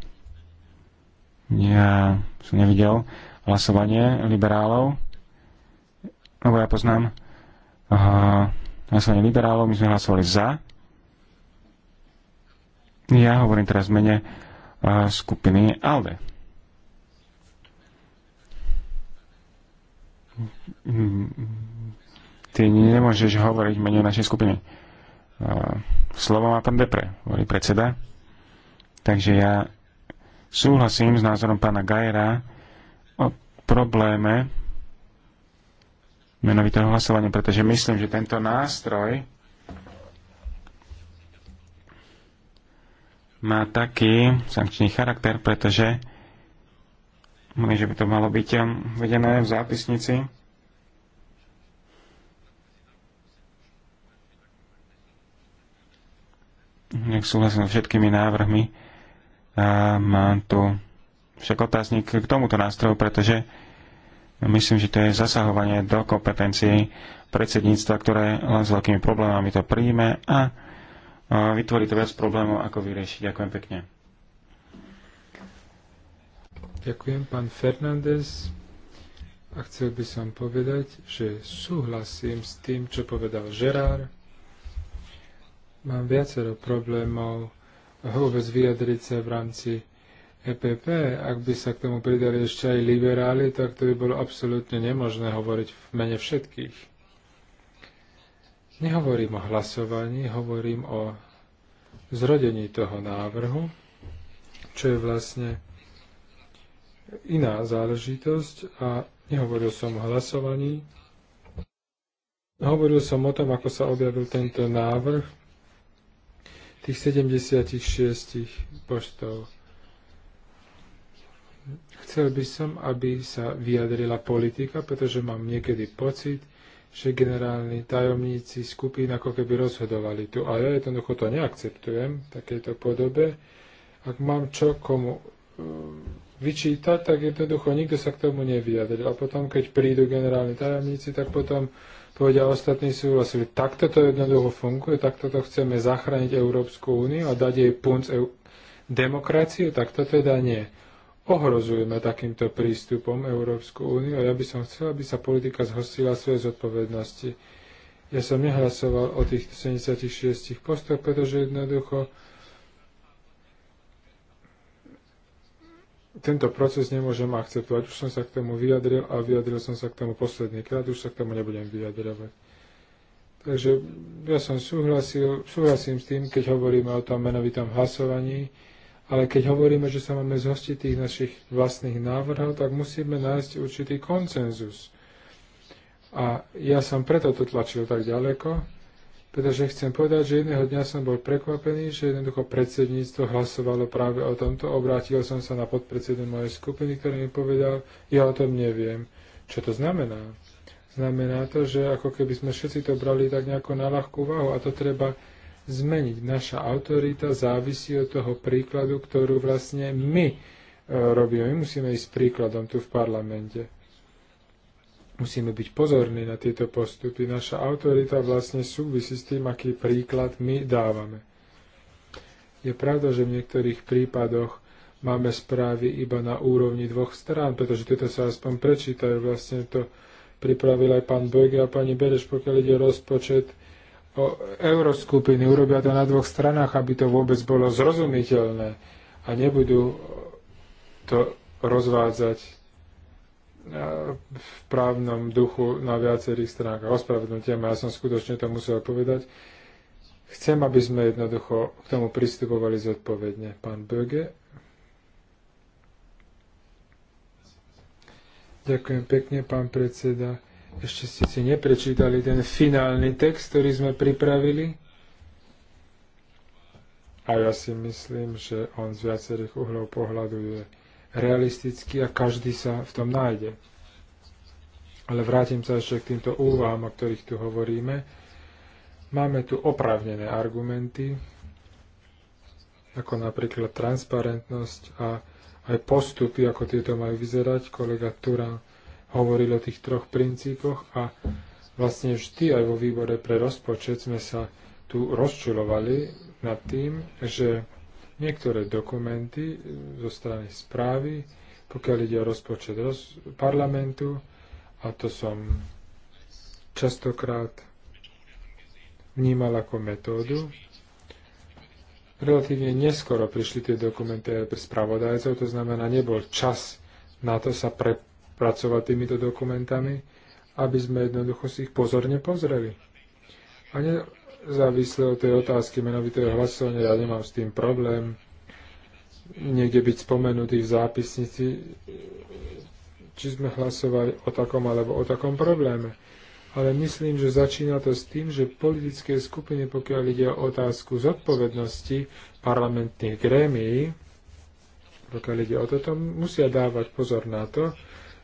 Ja som nevidel hlasovanie liberálov, lebo ja poznám eh, hlasovanie liberálov, my sme hlasovali za, ja hovorím teraz v mene skupiny ALDE. Ty nemôžeš hovoriť v mene našej skupiny. Slovo má pán Depre, hovorí predseda. Takže ja súhlasím s názorom pána Gajera o probléme menovitého hlasovania, pretože myslím, že tento nástroj má taký sankčný charakter, pretože že by to malo byť um, vedené v zápisnici. Nech súhlasím s všetkými návrhmi. A mám tu však otáznik k tomuto nástroju, pretože myslím, že to je zasahovanie do kompetencií predsedníctva, ktoré len s veľkými problémami to príjme a vytvorí to viac problémov, ako vyrieši. Ďakujem pekne. Ďakujem, pán Fernández. A chcel by som povedať, že súhlasím s tým, čo povedal Žerár. Mám viacero problémov vôbec vyjadriť sa v rámci EPP, ak by sa k tomu pridali ešte aj liberáli, tak to by bolo absolútne nemožné hovoriť v mene všetkých. Nehovorím o hlasovaní, hovorím o zrodení toho návrhu, čo je vlastne iná záležitosť a nehovoril som o hlasovaní. Hovoril som o tom, ako sa objavil tento návrh tých 76 poštov. Chcel by som, aby sa vyjadrila politika, pretože mám niekedy pocit, že generálni tajomníci skupín ako keby rozhodovali tu. A ja jednoducho to neakceptujem v takejto podobe. Ak mám čo komu e, vyčítať, tak jednoducho nikto sa k tomu nevyjadril. A potom, keď prídu generálni tajomníci, tak potom povedia ostatní súhlasili. Vlastne, takto to jednoducho funguje, takto to chceme zachrániť Európsku úniu a dať jej punc demokraciu, tak to teda nie ohrozujeme takýmto prístupom Európsku úniu a ja by som chcel, aby sa politika zhostila svoje zodpovednosti. Ja som nehlasoval o tých 76 postoch, pretože jednoducho tento proces nemôžem akceptovať. Už som sa k tomu vyjadril a vyjadril som sa k tomu posledný krát, už sa k tomu nebudem vyjadrovať. Takže ja som súhlasil, súhlasím s tým, keď hovoríme o tom menovitom hlasovaní, ale keď hovoríme, že sa máme zhostiť tých našich vlastných návrhov, tak musíme nájsť určitý koncenzus. A ja som preto to tlačil tak ďaleko, pretože chcem povedať, že jedného dňa som bol prekvapený, že jednoducho predsedníctvo hlasovalo práve o tomto. Obrátil som sa na podpredsedu mojej skupiny, ktorý mi povedal, ja o tom neviem. Čo to znamená? Znamená to, že ako keby sme všetci to brali tak nejako na ľahkú váhu a to treba zmeniť. Naša autorita závisí od toho príkladu, ktorú vlastne my e, robíme. My musíme ísť príkladom tu v parlamente. Musíme byť pozorní na tieto postupy. Naša autorita vlastne súvisí s tým, aký príklad my dávame. Je pravda, že v niektorých prípadoch máme správy iba na úrovni dvoch strán, pretože tieto sa aspoň prečítajú. Vlastne to pripravil aj pán Bojge a pani Bereš, pokiaľ ide rozpočet euroskupiny, urobia to na dvoch stranách, aby to vôbec bolo zrozumiteľné a nebudú to rozvádzať e, v právnom duchu na viacerých stránkach. Ospravedlňujem, ja som skutočne to musel povedať. Chcem, aby sme jednoducho k tomu pristupovali zodpovedne. Pán Böge. Ďakujem pekne, pán predseda. Ešte ste si neprečítali ten finálny text, ktorý sme pripravili. A ja si myslím, že on z viacerých uhlov pohľadu je realistický a každý sa v tom nájde. Ale vrátim sa ešte k týmto úvahám, o ktorých tu hovoríme. Máme tu oprávnené argumenty, ako napríklad transparentnosť a aj postupy, ako tieto majú vyzerať. Kolega Turan hovoril o tých troch princípoch a vlastne vždy aj vo výbore pre rozpočet sme sa tu rozčulovali nad tým, že niektoré dokumenty e, zo strany správy, pokiaľ ide o rozpočet roz- parlamentu, a to som častokrát vnímal ako metódu. Relatívne neskoro prišli tie dokumenty aj pre spravodajcov, to znamená, nebol čas na to sa pre, pracovať týmito dokumentami, aby sme jednoducho si ich pozorne pozreli. A nezávisle od tej otázky menovitého hlasovania, ja nemám s tým problém niekde byť spomenutý v zápisnici, či sme hlasovali o takom alebo o takom probléme. Ale myslím, že začína to s tým, že politické skupiny, pokiaľ ide o otázku zodpovednosti parlamentných grémií, pokiaľ ide o toto, musia dávať pozor na to,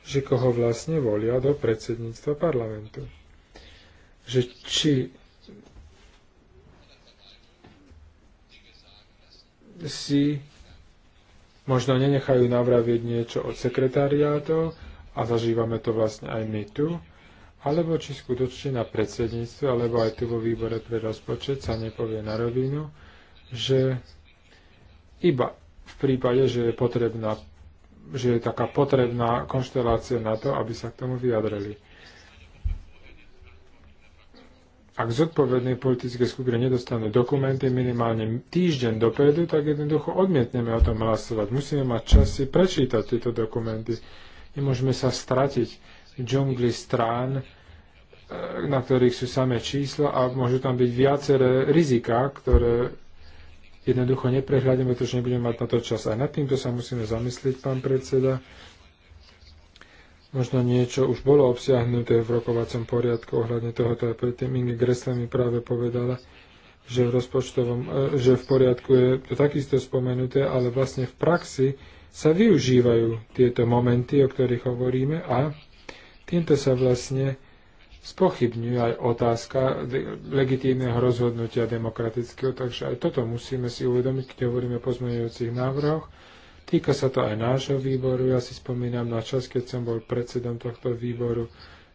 že koho vlastne volia do predsedníctva parlamentu. Že či si možno nenechajú navravieť niečo od sekretariátov a zažívame to vlastne aj my tu, alebo či skutočne na predsedníctve, alebo aj tu vo výbore pre rozpočet sa nepovie na rovinu, že iba v prípade, že je potrebná že je taká potrebná konštelácia na to, aby sa k tomu vyjadreli. Ak zodpovedné politické skupiny nedostanú dokumenty minimálne týždeň dopredu, tak jednoducho odmietneme o tom hlasovať. Musíme mať čas si prečítať tieto dokumenty. Nemôžeme sa stratiť v džungli strán, e, na ktorých sú samé čísla a môžu tam byť viaceré riziká, ktoré jednoducho neprehľadím, pretože nebudeme mať na to čas. A nad týmto sa musíme zamyslieť, pán predseda. Možno niečo už bolo obsiahnuté v rokovacom poriadku ohľadne tohoto a predtým Inge Gressle mi práve povedala, že v, rozpočtovom, e, že v poriadku je to takisto spomenuté, ale vlastne v praxi sa využívajú tieto momenty, o ktorých hovoríme a týmto sa vlastne spochybňuje aj otázka legitímneho rozhodnutia demokratického, takže aj toto musíme si uvedomiť, keď hovoríme o pozmeňujúcich návrhoch. Týka sa to aj nášho výboru. Ja si spomínam na čas, keď som bol predsedom tohto výboru,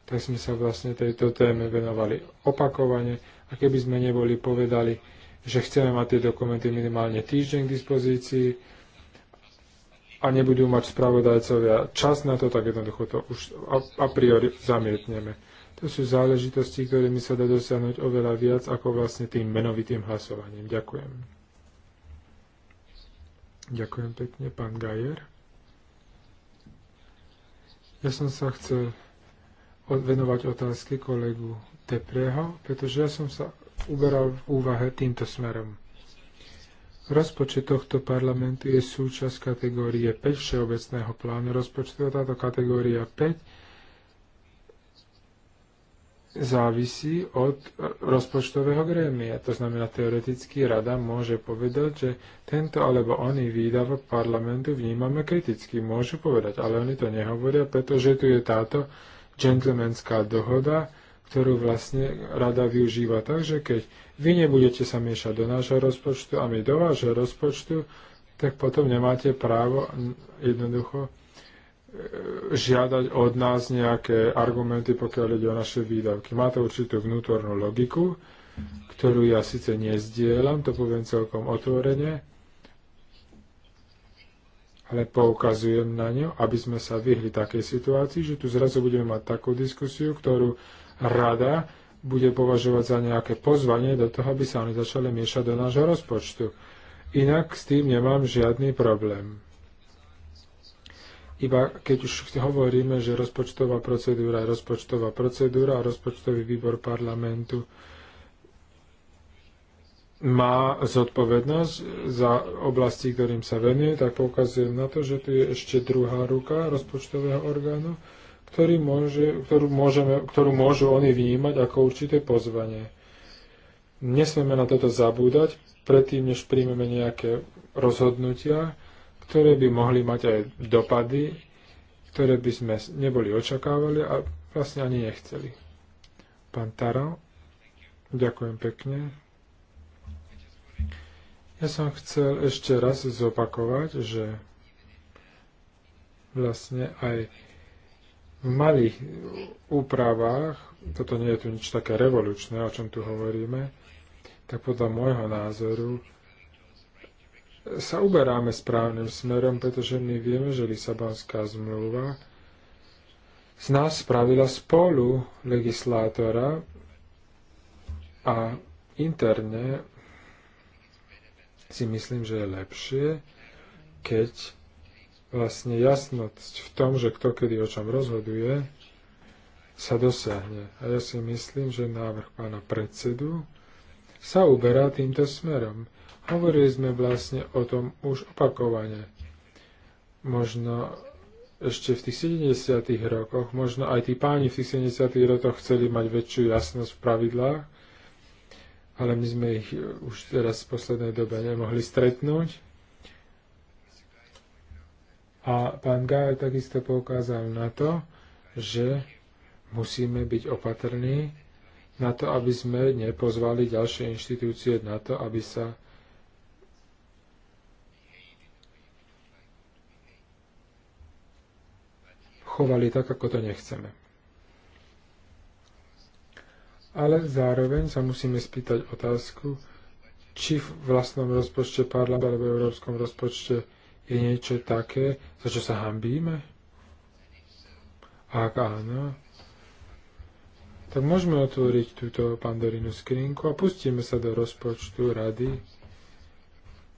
tak sme sa vlastne tejto téme venovali opakovane. A keby sme neboli povedali, že chceme mať tie dokumenty minimálne týždeň k dispozícii a nebudú mať spravodajcovia čas na to, tak jednoducho to už a priori zamietneme. To sú záležitosti, ktoré mi sa dá dosiahnuť oveľa viac ako vlastne tým menovitým hlasovaním. Ďakujem. Ďakujem pekne, pán Gajer. Ja som sa chcel venovať otázky kolegu Tepreho, pretože ja som sa uberal v úvahe týmto smerom. Rozpočet tohto parlamentu je súčasť kategórie 5 Všeobecného plánu rozpočtu a táto kategória 5 závisí od rozpočtového grémia. To znamená, teoreticky rada môže povedať, že tento alebo oný výdavok parlamentu vnímame kriticky. Môžu povedať, ale oni to nehovoria, pretože tu je táto džentlmenská dohoda, ktorú vlastne rada využíva. tak, že keď vy nebudete sa miešať do nášho rozpočtu a my do vášho rozpočtu, tak potom nemáte právo jednoducho žiadať od nás nejaké argumenty, pokiaľ ide o naše výdavky. Má to určitú vnútornú logiku, ktorú ja síce nezdielam, to poviem celkom otvorene, ale poukazujem na ňu, aby sme sa vyhli takej situácii, že tu zrazu budeme mať takú diskusiu, ktorú rada bude považovať za nejaké pozvanie do toho, aby sa oni začali miešať do nášho rozpočtu. Inak s tým nemám žiadny problém iba keď už hovoríme, že rozpočtová procedúra je rozpočtová procedúra a rozpočtový výbor parlamentu má zodpovednosť za oblasti, ktorým sa venuje, tak poukazujem na to, že tu je ešte druhá ruka rozpočtového orgánu, ktorý môže, ktorú, môžeme, ktorú môžu oni vnímať ako určité pozvanie. Nesmieme na toto zabúdať, predtým, než príjmeme nejaké rozhodnutia, ktoré by mohli mať aj dopady, ktoré by sme neboli očakávali a vlastne ani nechceli. Pán Taro, ďakujem pekne. Ja som chcel ešte raz zopakovať, že vlastne aj v malých úpravách, toto nie je tu nič také revolučné, o čom tu hovoríme, tak podľa môjho názoru sa uberáme správnym smerom, pretože my vieme, že Lisabonská zmluva z nás spravila spolu legislátora a interne si myslím, že je lepšie, keď vlastne jasnosť v tom, že kto kedy o čom rozhoduje, sa dosiahne. A ja si myslím, že návrh pána predsedu sa uberá týmto smerom. Hovorili sme vlastne o tom už opakovane. Možno ešte v tých 70. rokoch, možno aj tí páni v tých 70. rokoch chceli mať väčšiu jasnosť v pravidlách, ale my sme ich už teraz v poslednej dobe nemohli stretnúť. A pán Gaj takisto poukázal na to, že musíme byť opatrní na to, aby sme nepozvali ďalšie inštitúcie na to, aby sa chovali tak, ako to nechceme. Ale zároveň sa musíme spýtať otázku, či v vlastnom rozpočte parlamentu alebo v európskom rozpočte je niečo také, za čo sa hambíme? Ak áno, tak môžeme otvoriť túto pandorinu skrinku a pustíme sa do rozpočtu rady,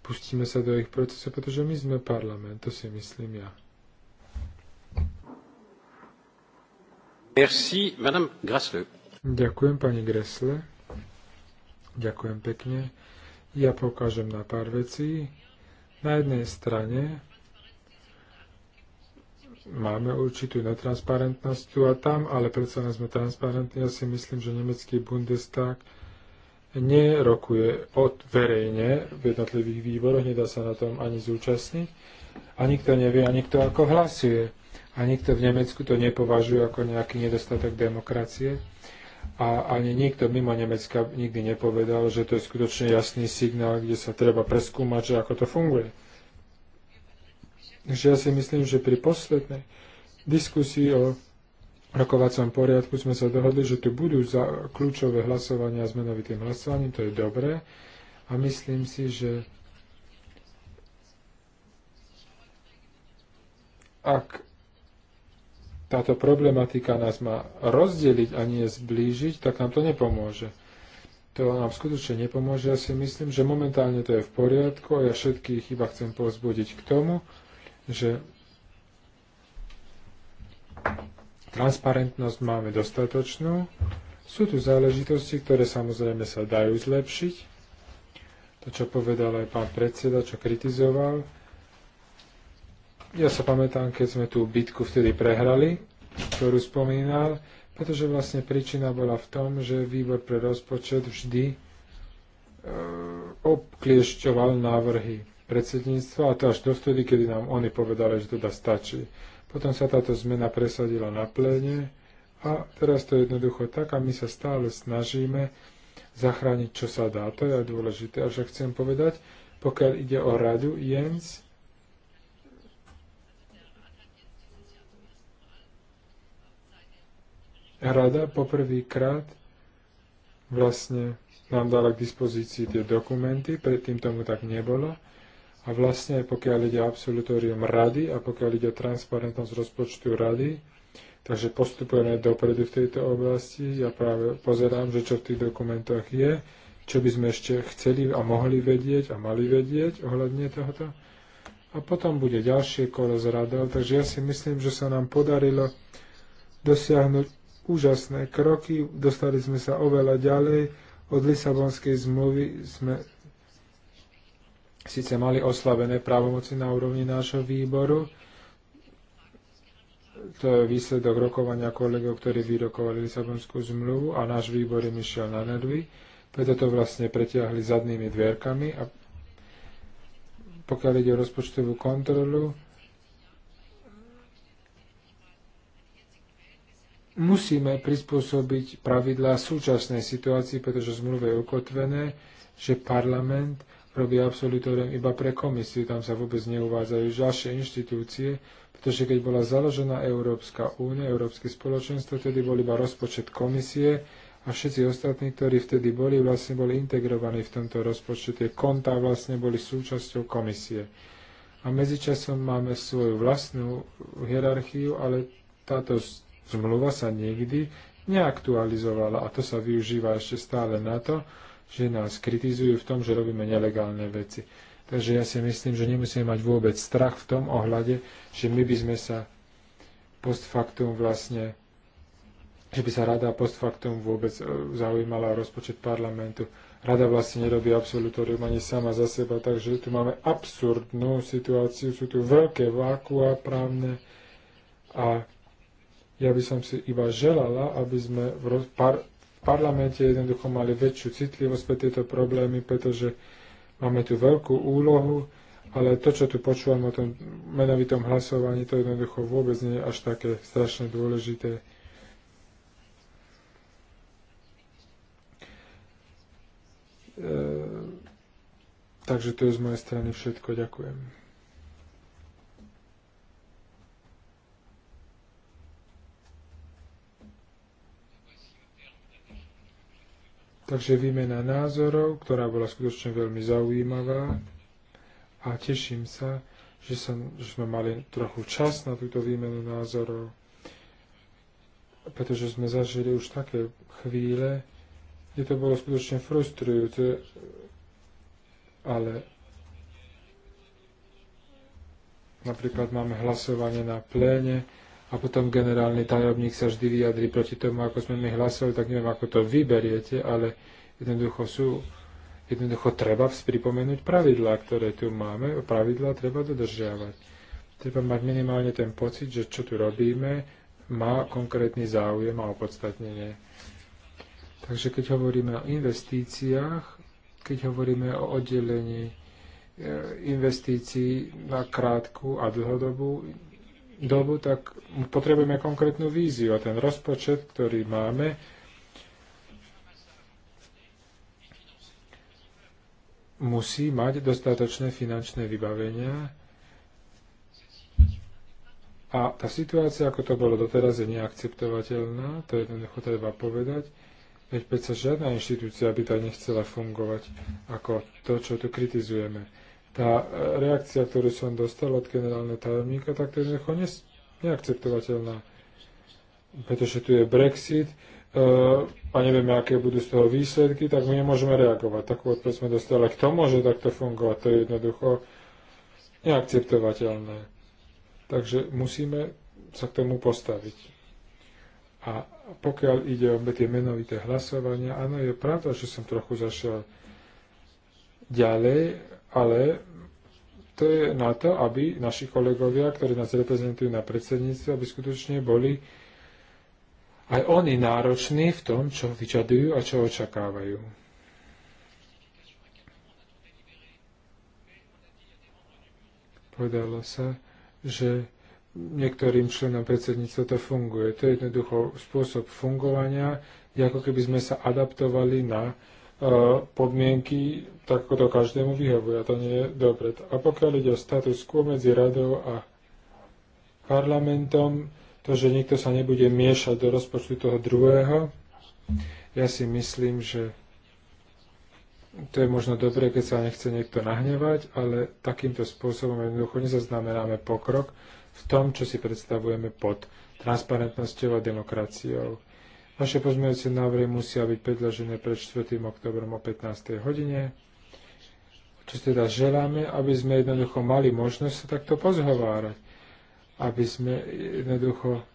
pustíme sa do ich procesu, pretože my sme parlament, to si myslím ja. Merci, madame Grasle. Ďakujem, pani Gresle. Ďakujem pekne. Ja poukážem na pár vecí. Na jednej strane máme určitú netransparentnosť tu a tam, ale predsa len sme transparentní. Ja si myslím, že nemecký Bundestag nerokuje od verejne v jednotlivých výboroch, nedá sa na tom ani zúčastniť a nikto nevie, ani kto ako hlasuje a nikto v Nemecku to nepovažuje ako nejaký nedostatok demokracie a ani nikto mimo Nemecka nikdy nepovedal, že to je skutočne jasný signál, kde sa treba preskúmať, že ako to funguje. Takže ja si myslím, že pri poslednej diskusii o rokovacom poriadku sme sa dohodli, že tu budú za kľúčové hlasovania s menovitým hlasovaním, to je dobré. A myslím si, že ak táto problematika nás má rozdeliť a nie zblížiť, tak nám to nepomôže. To nám skutočne nepomôže. Ja si myslím, že momentálne to je v poriadku a ja všetkých iba chcem pozbudiť k tomu, že transparentnosť máme dostatočnú. Sú tu záležitosti, ktoré samozrejme sa dajú zlepšiť. To, čo povedal aj pán predseda, čo kritizoval, ja sa pamätám, keď sme tú bitku vtedy prehrali, ktorú spomínal, pretože vlastne príčina bola v tom, že výbor pre rozpočet vždy e, obkliešťoval návrhy predsedníctva a to až dovtedy, kedy nám oni povedali, že teda stačí. Potom sa táto zmena presadila na pléne a teraz to je jednoducho tak a my sa stále snažíme zachrániť, čo sa dá. To je aj dôležité. A však chcem povedať, pokiaľ ide o radu Jens, rada poprvýkrát vlastne nám dala k dispozícii tie dokumenty, predtým tomu tak nebolo. A vlastne pokiaľ ide o absolutórium rady a pokiaľ ide o transparentnosť rozpočtu rady, takže postupujeme dopredu v tejto oblasti. Ja práve pozerám, že čo v tých dokumentoch je, čo by sme ešte chceli a mohli vedieť a mali vedieť ohľadne tohoto. A potom bude ďalšie kolo z radov. takže ja si myslím, že sa nám podarilo dosiahnuť úžasné kroky, dostali sme sa oveľa ďalej. Od Lisabonskej zmluvy sme síce mali oslavené právomoci na úrovni nášho výboru, to je výsledok rokovania kolegov, ktorí vyrokovali Lisabonskú zmluvu a náš výbor im išiel na nervy, preto to vlastne pretiahli zadnými dvierkami a pokiaľ ide o rozpočtovú kontrolu, musíme prispôsobiť pravidlá súčasnej situácii, pretože zmluve je ukotvené, že parlament robí absolutórium iba pre komisiu, tam sa vôbec neuvádzajú ďalšie inštitúcie, pretože keď bola založená Európska únia, Európske spoločenstvo, vtedy bol iba rozpočet komisie a všetci ostatní, ktorí vtedy boli, vlastne boli integrovaní v tomto rozpočet. Tie konta, vlastne boli súčasťou komisie. A medzičasom máme svoju vlastnú hierarchiu, ale táto zmluva sa nikdy neaktualizovala a to sa využíva ešte stále na to, že nás kritizujú v tom, že robíme nelegálne veci. Takže ja si myslím, že nemusíme mať vôbec strach v tom ohľade, že my by sme sa post factum vlastne že by sa rada post factum vôbec e, zaujímala o rozpočet parlamentu. Rada vlastne nerobí absolutórium ani sama za seba, takže tu máme absurdnú situáciu, sú tu veľké vákua právne a ja by som si iba želala, aby sme v, par, v parlamente jednoducho mali väčšiu citlivosť pre tieto problémy, pretože máme tu veľkú úlohu, ale to, čo tu počúvam o tom menovitom hlasovaní, to jednoducho vôbec nie je až také strašne dôležité. E, takže to je z mojej strany všetko. Ďakujem. Takže výmena názorov, ktorá bola skutočne veľmi zaujímavá a teším sa, že, som, že sme mali trochu čas na túto výmenu názorov, pretože sme zažili už také chvíle, kde to bolo skutočne frustrujúce, ale napríklad máme hlasovanie na pléne, a potom generálny tajomník sa vždy vyjadri proti tomu, ako sme my hlasovali, tak neviem, ako to vyberiete, ale jednoducho sú, jednoducho treba pripomenúť pravidlá, ktoré tu máme, pravidlá treba dodržiavať. Treba mať minimálne ten pocit, že čo tu robíme, má konkrétny záujem a opodstatnenie. Takže keď hovoríme o investíciách, keď hovoríme o oddelení eh, investícií na krátku a dlhodobú dobu, tak potrebujeme konkrétnu víziu a ten rozpočet, ktorý máme, musí mať dostatočné finančné vybavenia a tá situácia, ako to bolo doteraz, je neakceptovateľná, to jednoducho treba povedať, veď predsa žiadna inštitúcia by tá nechcela fungovať ako to, čo tu kritizujeme. Tá e, reakcia, ktorú som dostal od generálneho tajomníka, tak to je jednoducho neakceptovateľná. Pretože tu je Brexit e, a nevieme, aké budú z toho výsledky, tak my nemôžeme reagovať. Takú odpoveď sme dostali. Kto môže takto fungovať? To je jednoducho neakceptovateľné. Takže musíme sa k tomu postaviť. A pokiaľ ide o tie menovité hlasovania, áno, je pravda, že som trochu zašiel ďalej ale to je na to, aby naši kolegovia, ktorí nás reprezentujú na predsedníctve, aby skutočne boli aj oni nároční v tom, čo vyžadujú a čo očakávajú. Povedalo sa, že niektorým členom predsedníctva to funguje. To je jednoducho spôsob fungovania, ako keby sme sa adaptovali na podmienky, tak to každému vyhovuje. to nie je dobre. A pokiaľ ide o status quo medzi radou a parlamentom, to, že nikto sa nebude miešať do rozpočtu toho druhého, ja si myslím, že to je možno dobré, keď sa nechce niekto nahnevať, ale takýmto spôsobom jednoducho nezaznamenáme pokrok v tom, čo si predstavujeme pod transparentnosťou a demokraciou. Naše pozmeňujúce návrhy musia byť predložené pred 4. oktobrom o 15. hodine. Čo teda želáme, aby sme jednoducho mali možnosť sa takto pozhovárať. Aby sme jednoducho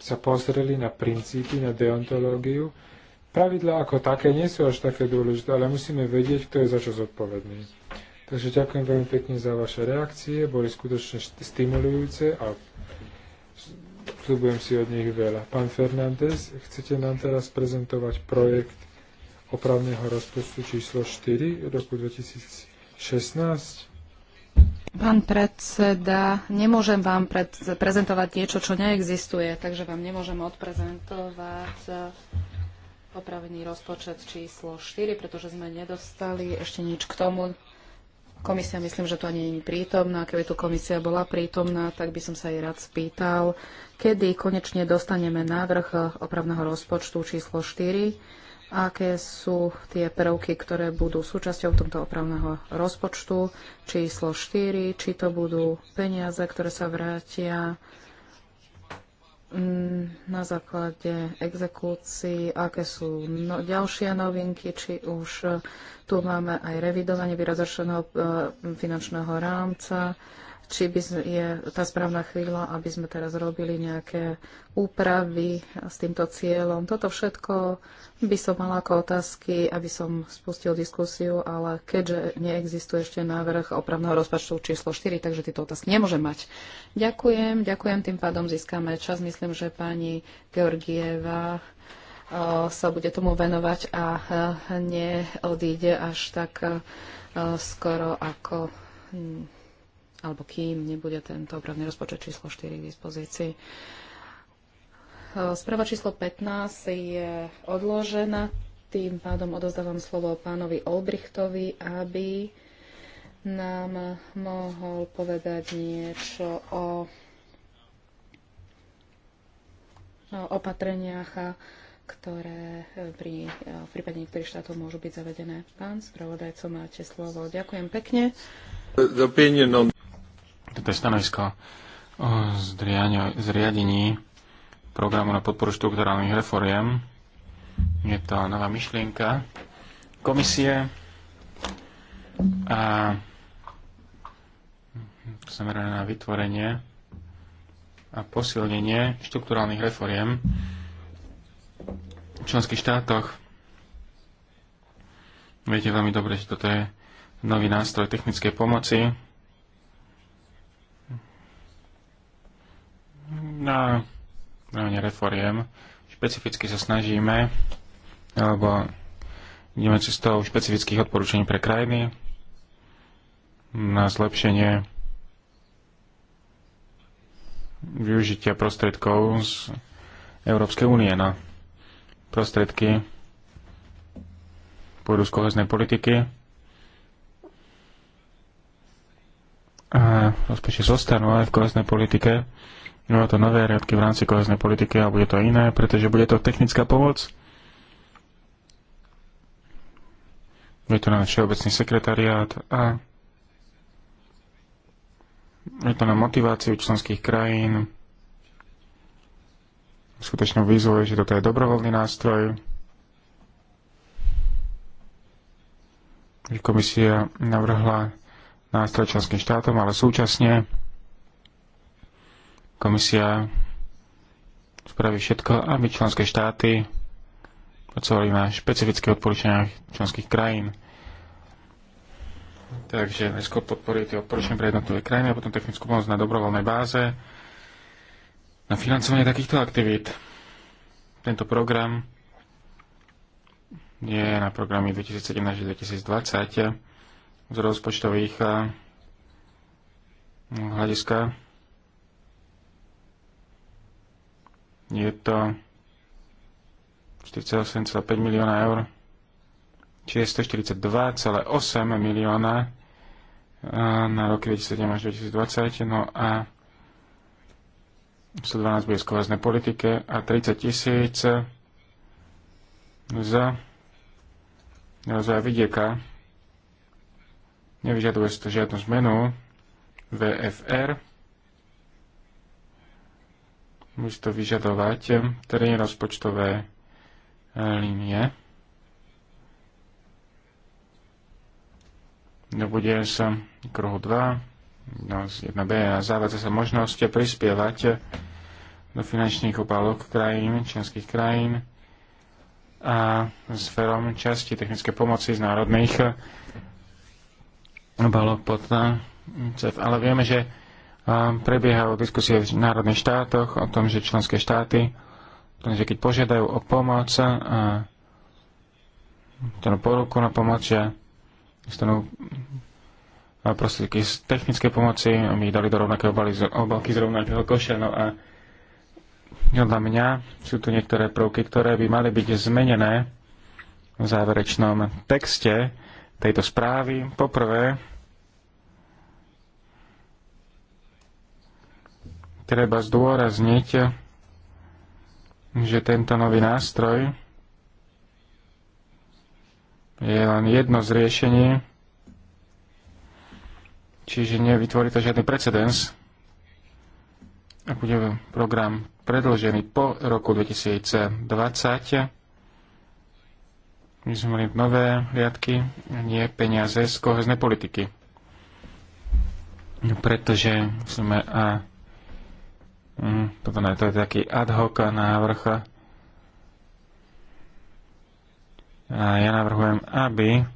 sa pozreli na princípy, na deontológiu. Pravidla ako také nie sú až také dôležité, ale musíme vedieť, kto je za čo zodpovedný. Takže ďakujem veľmi pekne za vaše reakcie, boli skutočne stimulujúce a Sľubujem si od nich veľa. Pán Fernández, chcete nám teraz prezentovať projekt opravného rozpočtu číslo 4 roku 2016? Pán predseda, nemôžem vám pred, prezentovať niečo, čo neexistuje, takže vám nemôžem odprezentovať e, opravený rozpočet číslo 4, pretože sme nedostali ešte nič k tomu Komisia myslím, že tu ani není prítomná. Keby tu komisia bola prítomná, tak by som sa jej rád spýtal, kedy konečne dostaneme návrh opravného rozpočtu číslo 4, aké sú tie prvky, ktoré budú súčasťou tomto opravného rozpočtu číslo 4, či to budú peniaze, ktoré sa vrátia Mm, na základe exekúcií, aké sú no, ďalšie novinky, či už e, tu máme aj revidovanie vyrazačeného e, finančného rámca, či by je tá správna chvíľa, aby sme teraz robili nejaké úpravy s týmto cieľom. Toto všetko by som mala ako otázky, aby som spustil diskusiu, ale keďže neexistuje ešte návrh opravného rozpočtu číslo 4, takže tieto otázky nemôžem mať. Ďakujem, ďakujem, tým pádom získame čas. Myslím, že pani Georgieva e, sa bude tomu venovať a e, neodíde až tak e, skoro ako alebo kým nebude tento opravný rozpočet číslo 4 k dispozícii. E, správa číslo 15 je odložená, tým pádom odozdávam slovo pánovi Olbrichtovi, aby nám mohol povedať niečo o, opatreniach, ktoré pri, v prípade niektorých štátov môžu byť zavedené. Pán spravodajco, máte slovo. Ďakujem pekne toto je stanovisko o zriadení programu na podporu štrukturálnych reforiem. Je to nová myšlienka komisie a zamerané na vytvorenie a posilnenie štruktúrálnych reforiem v členských štátoch. Viete veľmi dobre, že toto je nový nástroj technickej pomoci, na hlavne reforiem. Špecificky sa snažíme, alebo ideme cestou špecifických odporúčaní pre krajiny na zlepšenie využitia prostriedkov z Európskej únie na prostriedky pôjdu z koheznej politiky a rozpočty zostanú aj v koheznej politike budú no to nové riadky v rámci koheznej politiky a bude to iné, pretože bude to technická pomoc. Bude to na všeobecný sekretariát a je to na motiváciu členských krajín. Skutočnou výzvou je, že toto je dobrovoľný nástroj. Komisia navrhla nástroj členským štátom, ale súčasne Komisia spraví všetko, aby členské štáty pracovali na špecifických odporúčaniach členských krajín. Takže najskôr podporí tie odporúčania pre jednotlivé krajiny a potom technickú pomoc na dobrovoľnej báze na financovanie takýchto aktivít. Tento program je na programy 2017-2020 z rozpočtových eh, hľadiska Je to 48,5 milióna eur, čiže 142,8 milióna eh, na roky 2007 až 2020, no a 112 bude z politike a 30 tisíc za rozvoja vidieka. Nevyžaduje si to žiadnu zmenu VFR. Musí to vyžadovať eh, terén rozpočtové eh, línie. Dobude no, sa kruhu 2, no, 1b a závadza sa možnosť prispievať eh, do finančných obálok krajín, členských krajín a sférom časti technické pomoci z národných obálok pod CEF. Ale vieme, že prebiehajú diskusie v národných štátoch o tom, že členské štáty, že keď požiadajú o pomoc a poruku na pomoc, že dostanú prostriedky z technickej pomoci, my ich dali do rovnakého obalky z rovnakého koša. No a podľa mňa sú tu niektoré prvky, ktoré by mali byť zmenené v záverečnom texte tejto správy. Poprvé, treba zdôrazniť, že tento nový nástroj je len jedno z riešení, čiže nevytvorí to žiadny precedens a bude program predlžený po roku 2020. My sme mali nové riadky, nie peniaze z kohezné politiky. No, pretože sme a Mhm. Toto je, to je taký ad hoc návrh. A ja navrhujem, aby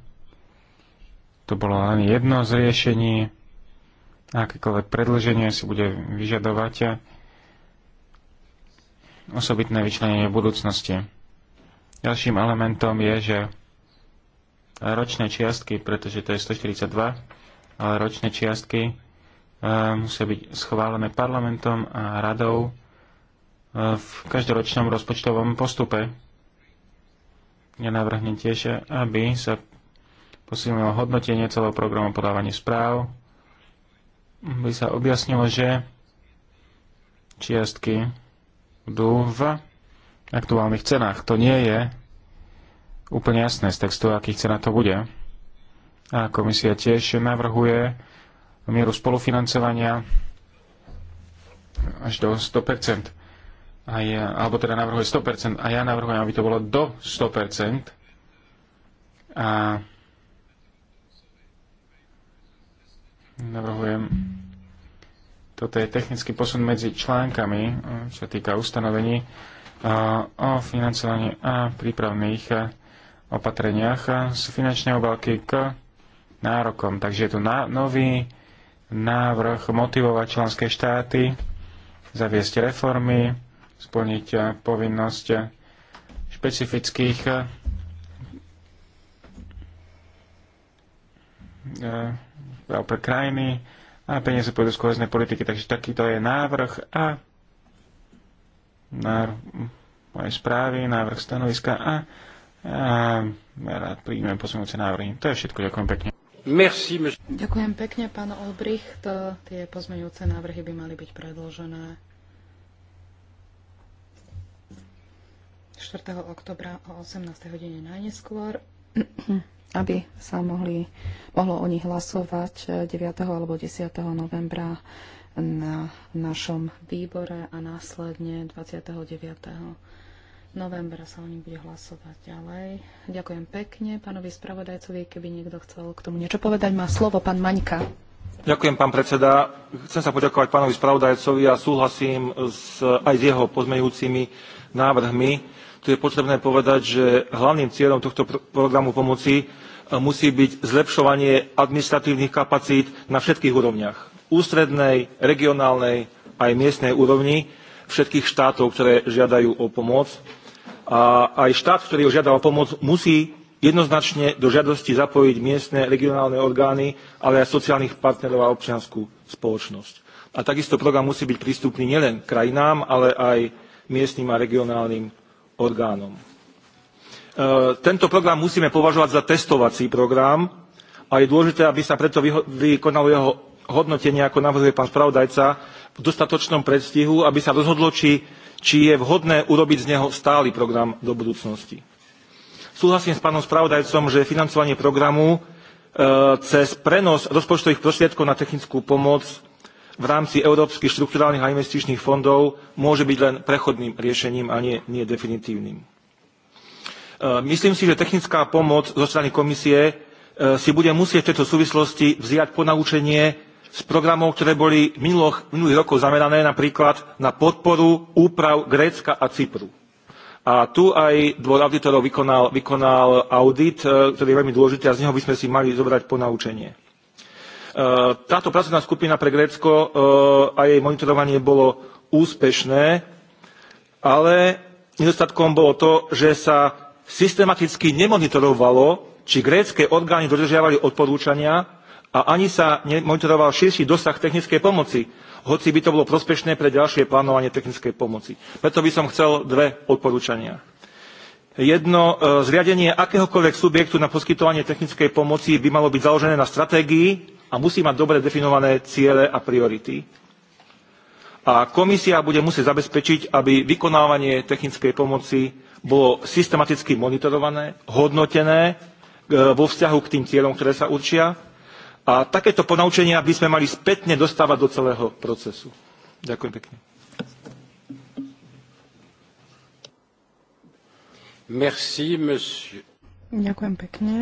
to bolo len jedno z riešení. Akékoľvek predlženie si bude vyžadovať osobitné vyčlenenie v budúcnosti. Ďalším elementom je, že ročné čiastky, pretože to je 142, ale ročné čiastky musia byť schválené parlamentom a radou e, v každoročnom rozpočtovom postupe. Ja navrhnem tiež, aby sa posilnilo hodnotenie celého programu podávania správ, by sa objasnilo, že čiastky budú v aktuálnych cenách. To nie je úplne jasné z textu, akých cenách to bude. A komisia tiež navrhuje mieru spolufinancovania až do 100%. Aj, alebo teda navrhuje 100%. A ja navrhujem, aby to bolo do 100%. A navrhujem toto je technický posun medzi článkami, čo týka ustanovení o financovaní a prípravných opatreniach z finančnej obálky k nárokom. Takže je tu nový návrh motivovať členské štáty, zaviesť reformy, splniť povinnosť špecifických eh, eh, pre krajiny a peniaze pôjdu z kohezné politiky. Takže takýto je návrh a na moje správy, návrh stanoviska a, a rád príjmem posunúce návrhy. To je všetko. Ďakujem pekne. Ďakujem pekne, pán Olbricht. Tie pozmeňujúce návrhy by mali byť predložené 4. oktobra o 18. hodine najneskôr, aby sa mohli, mohlo o nich hlasovať 9. alebo 10. novembra na našom výbore a následne 29 novembra sa o nich bude hlasovať ďalej. Ďakujem pekne pánovi spravodajcovi, keby niekto chcel k tomu niečo povedať. Má slovo pán Maňka. Ďakujem, pán predseda. Chcem sa poďakovať pánovi spravodajcovi a súhlasím s, aj s jeho pozmeňujúcimi návrhmi. Tu je potrebné povedať, že hlavným cieľom tohto programu pomoci e, musí byť zlepšovanie administratívnych kapacít na všetkých úrovniach. Ústrednej, regionálnej aj miestnej úrovni všetkých štátov, ktoré žiadajú o pomoc a aj štát, ktorý ho žiadal pomoc, musí jednoznačne do žiadosti zapojiť miestne regionálne orgány, ale aj sociálnych partnerov a občianskú spoločnosť. A takisto program musí byť prístupný nielen krajinám, ale aj miestnym a regionálnym orgánom. E, tento program musíme považovať za testovací program a je dôležité, aby sa preto vykonalo jeho hodnotenie, ako navrhuje pán spravodajca, v dostatočnom predstihu, aby sa rozhodlo, či či je vhodné urobiť z neho stály program do budúcnosti. Súhlasím s pánom spravodajcom, že financovanie programu e, cez prenos rozpočtových prostriedkov na technickú pomoc v rámci európskych štrukturálnych a investičných fondov môže byť len prechodným riešením a nie, nie definitívnym. E, myslím si, že technická pomoc zo strany komisie e, si bude musieť v tejto súvislosti vziať ponaučenie z programov, ktoré boli v minulých rokoch zamerané napríklad na podporu úprav Grécka a Cypru. A tu aj dvor auditorov vykonal, vykonal audit, e, ktorý je veľmi dôležitý a z neho by sme si mali zobrať ponaučenie. E, táto pracovná skupina pre Grécko e, a jej monitorovanie bolo úspešné, ale nedostatkom bolo to, že sa systematicky nemonitorovalo, či grécké orgány dodržiavali odporúčania, a ani sa nemonitoroval širší dosah technickej pomoci, hoci by to bolo prospešné pre ďalšie plánovanie technickej pomoci. Preto by som chcel dve odporúčania. Jedno, e, zriadenie akéhokoľvek subjektu na poskytovanie technickej pomoci by malo byť založené na stratégii a musí mať dobre definované ciele a priority. A komisia bude musieť zabezpečiť, aby vykonávanie technickej pomoci bolo systematicky monitorované, hodnotené e, vo vzťahu k tým cieľom, ktoré sa určia a takéto ponaučenia by sme mali spätne dostávať do celého procesu. Ďakujem pekne. Merci, monsieur. Ďakujem pekne.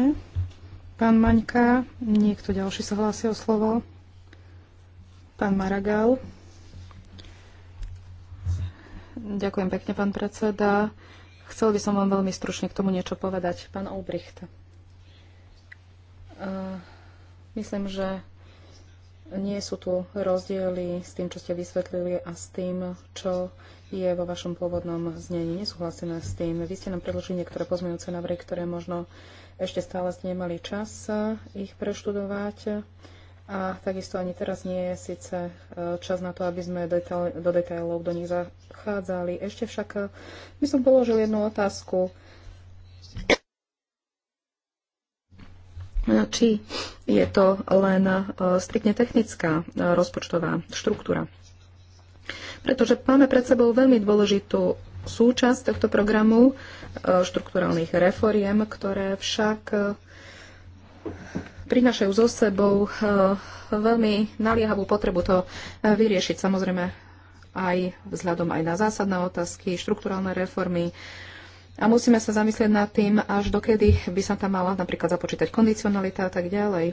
Pán Maňka, niekto ďalší sa hlási o slovo? Pán Maragal. Ďakujem pekne, pán predseda. Chcel by som vám veľmi stručne k tomu niečo povedať. Pán Obricht. Uh eh, Myslím, že nie sú tu rozdiely s tým, čo ste vysvetlili a s tým, čo je vo vašom pôvodnom znení. Nesúhlasíme s tým. Vy ste nám predložili niektoré pozmeňujúce návrhy, ktoré možno ešte stále ste nemali čas e, ich preštudovať. A takisto ani teraz nie je síce e, čas na to, aby sme detail, do detailov do nich zachádzali. Ešte však e, by som položil jednu otázku. či je to len e, striktne technická e, rozpočtová štruktúra. Pretože máme pred sebou veľmi dôležitú súčasť tohto programu e, štruktúralných reforiem, ktoré však prinášajú so sebou veľmi naliehavú potrebu to vyriešiť. Samozrejme aj vzhľadom aj na zásadné otázky, štruktúrálne reformy, a musíme sa zamyslieť nad tým, až dokedy by sa tam mala napríklad započítať kondicionalita a tak ďalej.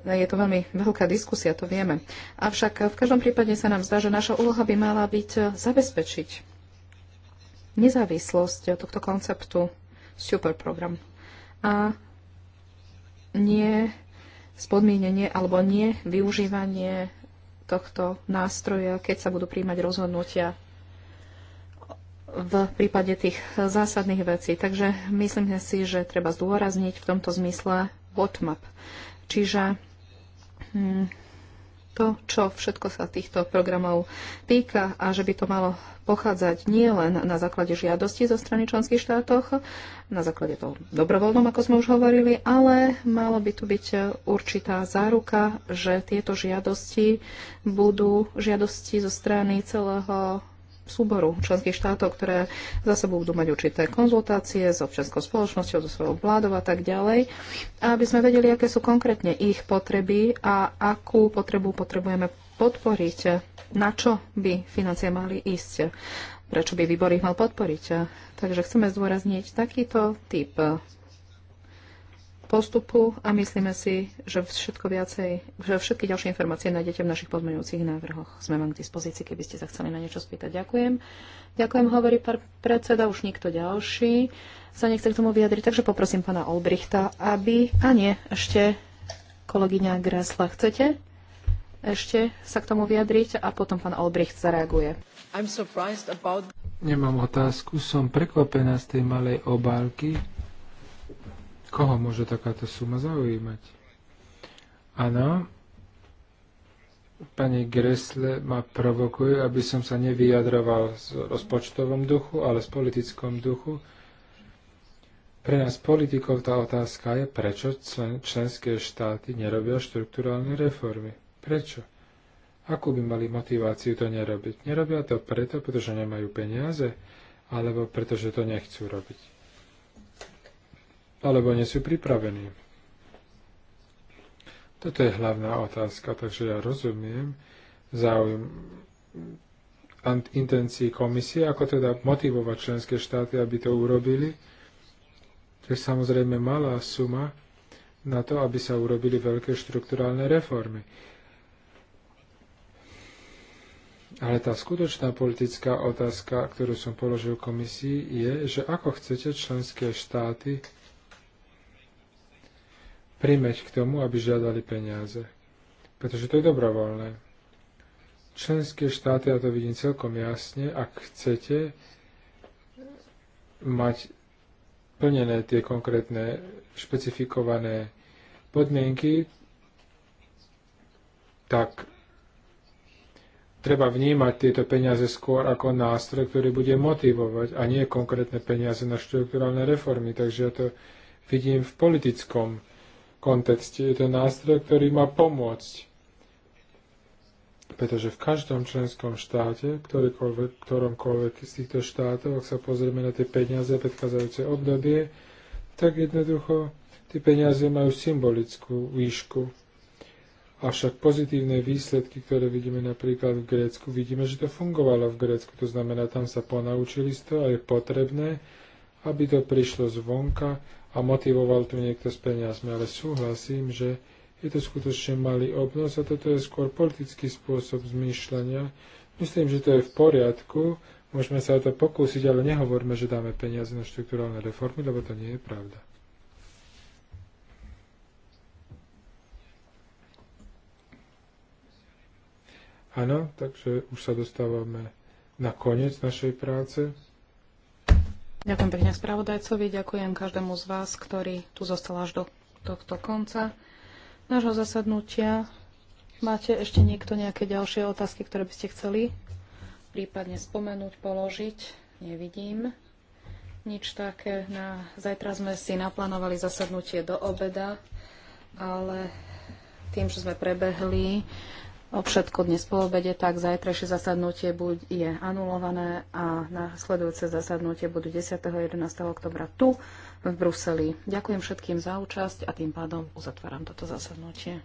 Je to veľmi veľká diskusia, to vieme. Avšak v každom prípade sa nám zdá, že naša úloha by mala byť zabezpečiť nezávislosť tohto konceptu superprogram. A nie spodmienenie alebo nie využívanie tohto nástroja, keď sa budú príjmať rozhodnutia v prípade tých zásadných vecí. Takže myslím si, že treba zdôrazniť v tomto zmysle roadmap. Čiže hm, to, čo všetko sa týchto programov týka a že by to malo pochádzať nie len na základe žiadosti zo strany členských štátoch, na základe toho dobrovoľnom, ako sme už hovorili, ale malo by tu byť určitá záruka, že tieto žiadosti budú žiadosti zo strany celého súboru členských štátov, ktoré za sebou budú mať určité konzultácie s občianskou spoločnosťou, so svojou vládou a tak ďalej, aby sme vedeli, aké sú konkrétne ich potreby a akú potrebu potrebujeme podporiť, na čo by financie mali ísť, prečo by výbor ich mal podporiť. Takže chceme zdôrazniť takýto typ postupu a myslíme si, že všetko viacej, že všetky ďalšie informácie nájdete v našich pozmeňujúcich návrhoch. Sme vám k dispozícii, keby ste sa chceli na niečo spýtať. Ďakujem. Ďakujem, hovorí pán predseda, už nikto ďalší sa nechce k tomu vyjadriť, takže poprosím pána Olbrichta, aby... A nie, ešte kolegyňa Gresla, chcete ešte sa k tomu vyjadriť a potom pán Olbricht zareaguje. About... Nemám otázku, som prekvapená z tej malej obálky, Koho môže takáto suma zaujímať? Áno, pani Gresle ma provokuje, aby som sa nevyjadroval v rozpočtovom duchu, ale v politickom duchu. Pre nás politikov tá otázka je, prečo členské štáty nerobia štruktúrálne reformy. Prečo? Akú by mali motiváciu to nerobiť? Nerobia to preto, pretože nemajú peniaze, alebo pretože to nechcú robiť alebo nie sú pripravení. Toto je hlavná otázka, takže ja rozumiem záujem intencií komisie, ako teda motivovať členské štáty, aby to urobili. To je samozrejme malá suma na to, aby sa urobili veľké štrukturálne reformy. Ale tá skutočná politická otázka, ktorú som položil komisii, je, že ako chcete členské štáty primeť k tomu, aby žiadali peniaze. Pretože to je dobrovoľné. Členské štáty, ja to vidím celkom jasne, ak chcete mať plnené tie konkrétne špecifikované podmienky, tak treba vnímať tieto peniaze skôr ako nástroj, ktorý bude motivovať a nie konkrétne peniaze na štrukturálne reformy. Takže ja to vidím v politickom kontexte. Je to nástroj, ktorý má pomôcť. Pretože v každom členskom štáte, ktoromkoľvek z týchto štátov, ak sa pozrieme na tie peniaze predchádzajúce obdobie, tak jednoducho tie peniaze majú symbolickú výšku. Avšak pozitívne výsledky, ktoré vidíme napríklad v Grécku, vidíme, že to fungovalo v Grécku. To znamená, tam sa ponaučili z toho a je potrebné, aby to prišlo zvonka a motivoval tu niekto s peniazmi, ale súhlasím, že je to skutočne malý obnos a toto je skôr politický spôsob zmýšľania. Myslím, že to je v poriadku, môžeme sa o to pokúsiť, ale nehovorme, že dáme peniaze na štruktúralne reformy, lebo to nie je pravda. Áno, takže už sa dostávame na koniec našej práce. Ďakujem pekne spravodajcovi, ďakujem každému z vás, ktorý tu zostal až do tohto konca nášho zasadnutia. Máte ešte niekto nejaké ďalšie otázky, ktoré by ste chceli prípadne spomenúť, položiť? Nevidím. Nič také. Na... Zajtra sme si naplánovali zasadnutie do obeda, ale tým, že sme prebehli O všetko dnes po obede, tak zajtrajšie zasadnutie je anulované a nasledujúce zasadnutie budú 10. a 11. oktobra tu v Bruseli. Ďakujem všetkým za účasť a tým pádom uzatváram toto zasadnutie.